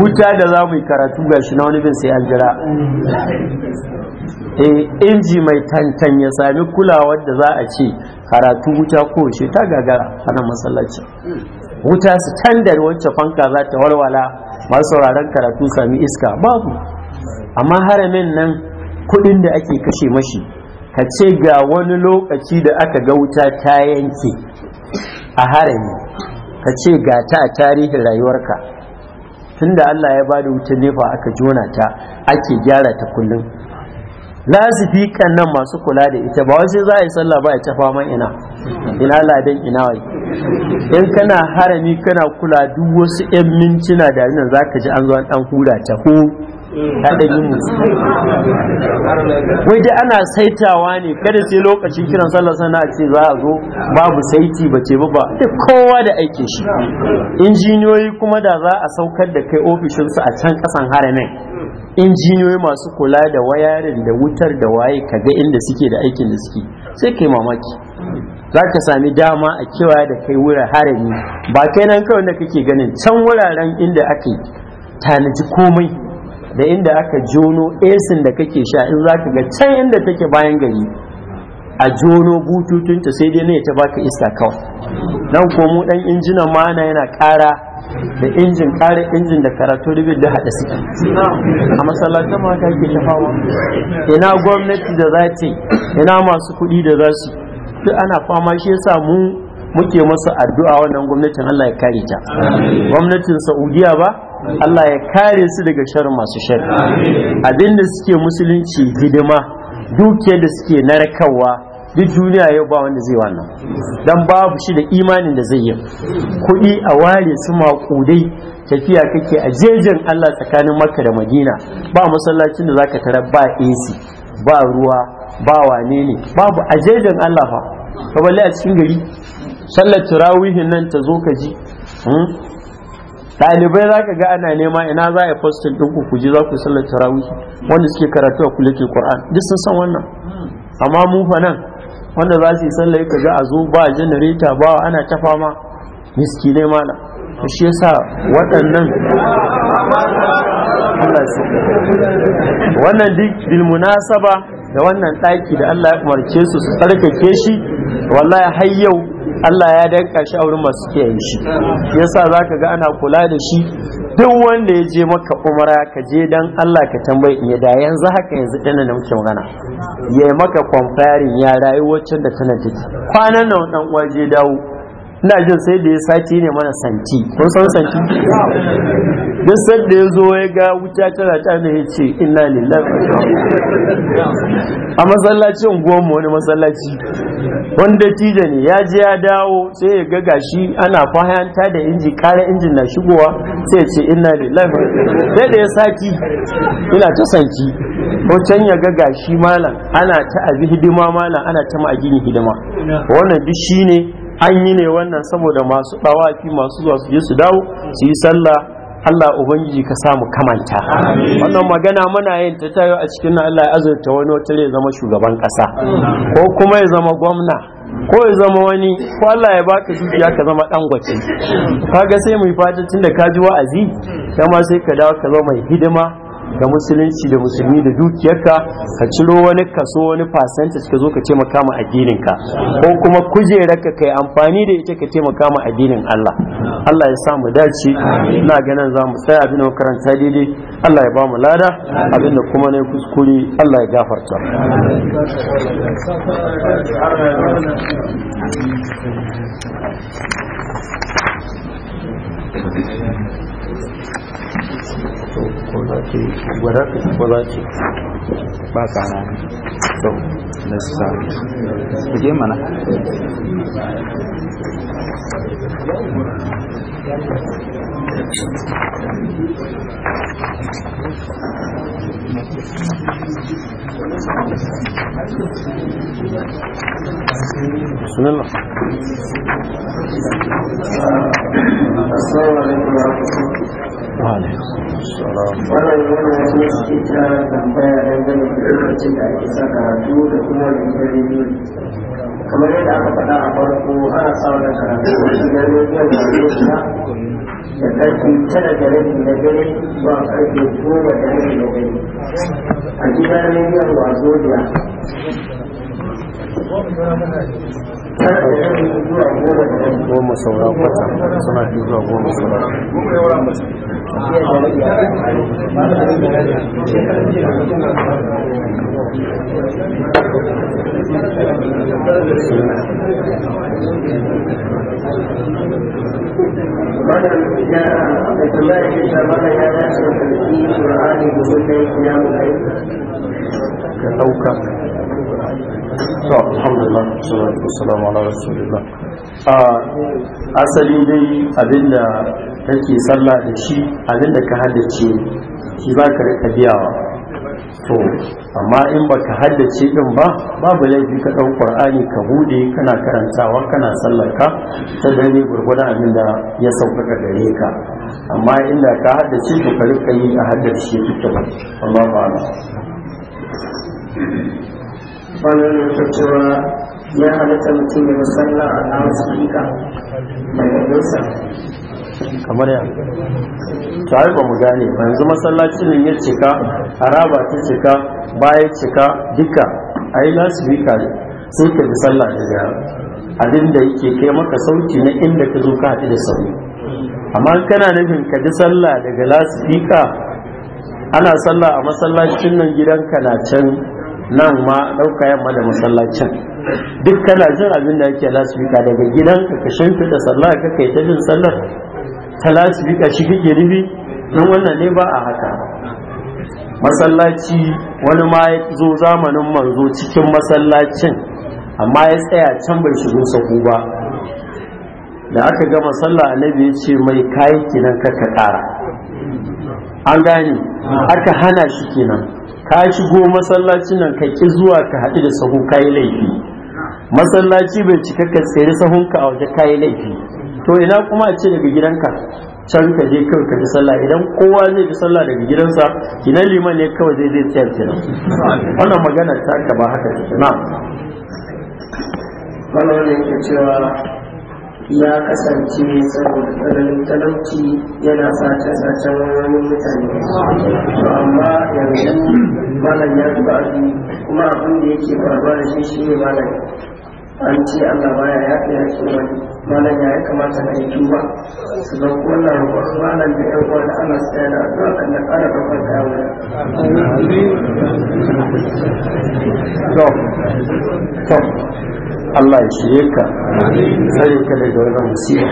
[SPEAKER 3] wuta da za mu yi karatu ga shi na wani bin sai an jira eh, inji mai tantan ya sami kulawar da za a ce karatu wuta ko shi ta gagara masallaci wuta su tandar wacce fanka za ta walwala masu sauraron karatu sami iska babu amma haramin nan kudin da ake kashe mashi ka ce ga wani lokaci da aka ga wuta ta yanke a harami ka ce ga ta a tarihin rayuwarka tunda Allah ya ba da wutar nefa aka jona ta ake gyara ta kullum su fi nan masu kula da ita ba wasu za a yi sallah ba a ta fama ina ina ladan ina wai in kana harami kana kula duk wasu 'yan mintuna da nan za ka ji an zuwa an dan ta ko
[SPEAKER 2] ta
[SPEAKER 1] yi
[SPEAKER 3] wai dai ana saitawa ne kada sai lokacin kiran sallar sana ce za a zo babu saiti ba ce ba da kowa da aike shi injiniyoyi kuma da za a saukar da kai ofishinsu a can ƙasan haramin injiniyoyi masu kula da wayarin da wutar da waye ka ga inda suke da aikin da suke sai kai mamaki za ka sami dama a kewa da kai wura harami ba kai nan kawai da kake ganin can wuraren inda ake tanaji komai da inda aka jono esin da kake sha in za ka ga can inda take bayan gari a jono bututunta sai dai ne ta baka iska kawai nan komo dan injina ma ana yana ƙara da injin ƙara injin da karatu ribin da haɗa suke a masallatan ma ta ke shafawa ina gwamnati da za ta ina masu kuɗi da za su duk ana fama shi yasa mu muke masa addu'a wannan gwamnatin Allah ya kare ta gwamnatin Saudiya ba Allah ya kare su daga shar masu shar abinda suke musulunci hidima dukiyar da suke narkarwa duk duniya yau ba wanda zai wannan dan babu shi da imanin da zai yi kuɗi a ware su maƙudai tafiya kake a jejin Allah tsakanin makka da madina ba masallacin da zaka tara ba AC ba ruwa ba wane ne babu a jejin Allah fa ka balle a cikin gari sallar turawihin nan ta zo ka ji hmm? ɗalibai za ka ga ana nema ina za a yi fostin ɗin ku kuje za ku sallar tarawih wanda suke karatu a kula ke qur'an duk sun san wannan amma mu fa nan wanda za su yi sallar ka ga a zo ba janareta ba ana ta fama miski ne mana shi yasa waɗannan wannan duk bilmunasaba da wannan ɗaki da Allah ya umarce su su tsarkake shi wallahi har yau Allah ya danka shi a wurin masu kiyaye shi yasa ka ga ana kula da shi duk wanda ya je maka umara ka je dan Allah ka tambayi ya da yanzu haka yanzu dana da muke magana ya maka comparing ya rayuwar da tana take kwanan nan dan uwa je dawo ina jin sai da ya sati ne mana santi kun san santi duk da ya zo ya ga wuta tana ta ne ya ce inna lillahi a masallacin goma wani masallaci wanda tija ne ya je ya dawo sai ya ga gashi ana fahimta da inji kare injin na shigowa sai ya ce inna lillahi sai da ya sati ina ta santi ko can ya ga gashi malam ana ta abi hidima malam ana ta ma'agini hidima wannan duk shine an yi ne wannan saboda masu ɗawafi masu zuwa su je su dawo su yi sallah Allah Ubangiji ka samu kamanta wannan magana muna yin ta tayo a cikin Allah ya azurta wani wata ya zama shugaban ƙasa ko kuma ya zama gwamna ko ya zama wani ko Allah ya baka zuciya ka zama dan gwace ga sai mu yi fata da ka ji wa'azi kama sai ka dawo ka zama mai hidima ga musulunci da musulmi da dukiyarka ka ciro wani kaso wani fasanta ka zo ka taimaka ma addinin ka ko kuma kujerar ka kai amfani da ita ka taimaka ma addinin Allah Allah ya sa dace ina ganin za mu tsaya abin karanta daidai Allah ya ba mu lada abin da kuma ne kuskure Allah ya gafarta
[SPEAKER 2] Thank you. ko za ta gwada ko za ba ka hannu to na sa ku je mana
[SPEAKER 1] بسم الله السلام عليكم الله wannan yana ne tambaya dangane da lokacin da ake sa karatu kuma da kamar yadda aka faɗa a farko ana sa na karatu wasu gano ya da ake shiga da ƙarfi tara da rabi na dare zuwa ƙarfe goma da rabi na dare a gidan rediyon wazo biya goma saura kwata suna fi zuwa goma saura ka ɗauka to alhamdulillah
[SPEAKER 3] ala rasulillah asali dai abinda kake sallah da shi abinda ka haddace shi za ka rika biyawa to amma in baka haddace din ba babu laifi ka ɗau qur'ani ka bude kana karantawa kana sallar ka ta gani gurgurdan abinda ya sauƙaƙa gare ka amma inda ka haddace to ka rika yi a haddace shi ba Allah ba'ala
[SPEAKER 1] wannan yake cewa ya halitta mutum ya musalla a nawa sika daga nesa
[SPEAKER 3] kamar ya tare ba mu gane ba yanzu masallacin nan ya cika haraba ta cika baya cika duka a yi lasifika ne sai ka bi sallah da gyara abin da yake kai maka sauki na inda ka zo ka haɗu da sauri amma kana nufin ka bi sallah daga lasifika ana sallah a masallacin nan gidanka na can nan ma ɗauka yamma da masallacin duk kana jin abin da yake lasifika daga gidan ka da sallah ka kai ta jin sallar ta lasifika shi kake rufi don wannan ne ba a haka masallaci wani ma ya zo zamanin manzo cikin masallacin amma ya tsaya can bai shigo sahu ba da aka gama sallah annabi ya ce mai kayi kinan ka ƙara an gane aka hana shi kenan ka shigo masallacin nan ka ki zuwa ka haɗu da sahu ka laifi masallaci bai cika ka tsere sahunka a waje kayi laifi to ina kuma a ce daga gidanka can ka je kawai ka ji sallah idan kowa zai ji sallah daga gidansa ina liman ne kawai zai zai ce nan wannan magana ta ka ba haka na
[SPEAKER 1] wannan ya kasance saboda tsananin talauci yana sace-sacen wani mutane to amma yanzu malam ya zuba kuma abin da yake faruwa da shi shi ne malam an ce Allah baya ya fi yaki wani malam ya yi kamata na yi duba su ga wannan rukun malam da yan uwa da ana tsaye da addu'a kan da ƙara ɗaukar dawo to to Allah ya shirye ka tsare ka daga wani musiba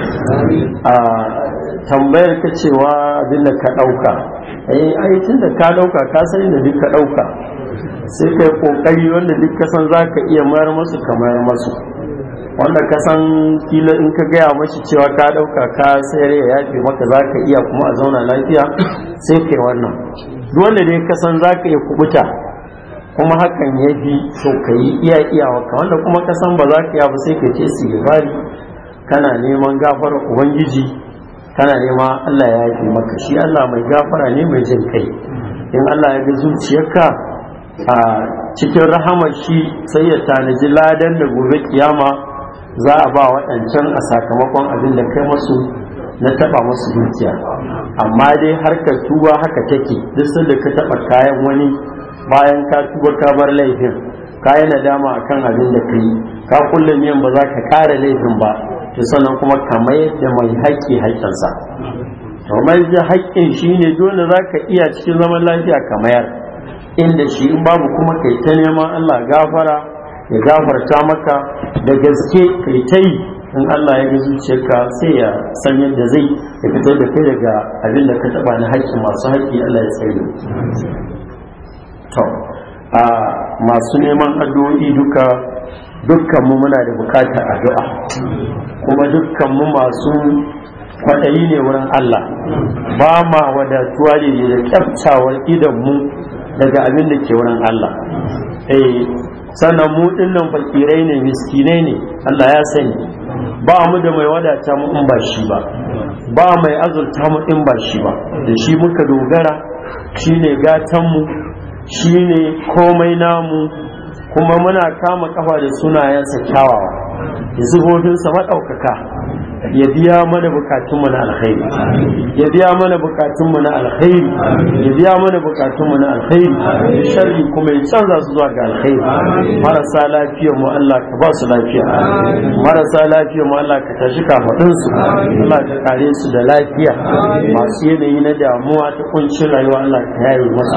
[SPEAKER 1] a ah,
[SPEAKER 3] tambayar ka cewa abin da ka ɗauka Eh, ai ai tun da ka dauka ka sani da duk ka dauka sai kai kokari wanda duk ka san zaka iya mayar masu ka mayar masu wanda ka san kila in ka gaya mashi cewa ka dauka ka sayar ya yafe maka zaka iya kuma a zauna lafiya sai kai wannan duk wanda dai ka san zaka iya kubuta kuma hakan ya fi so ka yi iya iyawa wanda kuma ka san ba za ka iya ba sai ka ce sigibari kana neman gafara ubangiji kana nema Allah ya yi maka shi Allah mai gafara ne mai jin kai in Allah ya ga zuciyarka a cikin rahamar shi sai ya tanaji ladan da gobe kiyama za a ba waɗancan a sakamakon abin da kai masu na taɓa masu zuciya. amma dai harkar tuba haka take duk sanda ka taba kayan wani bayan ka tuba ka bar laifin ka yi nadama akan abin da ka yi ka kullum yin ba za ka ƙara laifin ba to sannan kuma ka yadda mai haƙƙi haƙƙinsa to mai da haƙƙin shine dole za ka iya cikin zaman lafiya ka inda shi in babu kuma kai ta neman Allah gafara ya gafarta maka da gaske kai ta yi in Allah ya ga ka sai ya san yadda zai ya fitar da kai daga abin da ka taba na haƙƙi masu haƙƙi Allah ya tsaye to masu neman addu'o'i duka Dukkan mu muna da bukatar addu'a kuma dukkan mu masu kwaɗayi ne wurin Allah ba ma wadatuwa ne da kyaftawar mu daga abin da ke wurin Allah eh sannan mu dinnan fakirai ne miskinai ne Allah ya sani ba mu da mai wadata mu in ba shi ba ba mai azurta mu in ba shi ba da shi muka dogara shine gatanmu shine komai namu kuma muna kama kafa da sunayensa kyawawa da maɗaukaka ya biya mana bukatun mu na alkhairi ya biya mana bukatun mu na alkhairi ya biya mana bukatun mu na alkhairi sharri kuma ya canza su zuwa ga alkhairi marasa lafiyar mu Allah ka ba su lafiya marasa lafiyar mu Allah ka tashi kafadun su Allah ka kare su da lafiya masu yanayi na damuwa ta kuncin rayuwa Allah ka yaye masu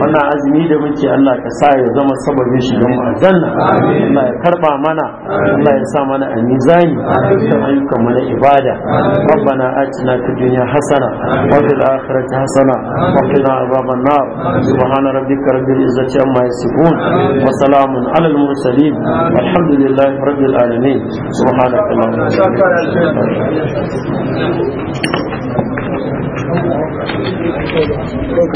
[SPEAKER 3] wannan azumi da muke Allah ka sa ya zama sababin shigan mu aljanna Allah ya karba mana Allah ya sa mana a mizani ta ayyukan na ibada rabbana atina fid dunya hasana wa fil akhirati hasana wa qina adhaban nar subhana rabbika rabbil izzati amma yasifun wa salamun alal mursalin walhamdulillahi rabbil alamin subhanaka allahumma wa
[SPEAKER 2] bihamdika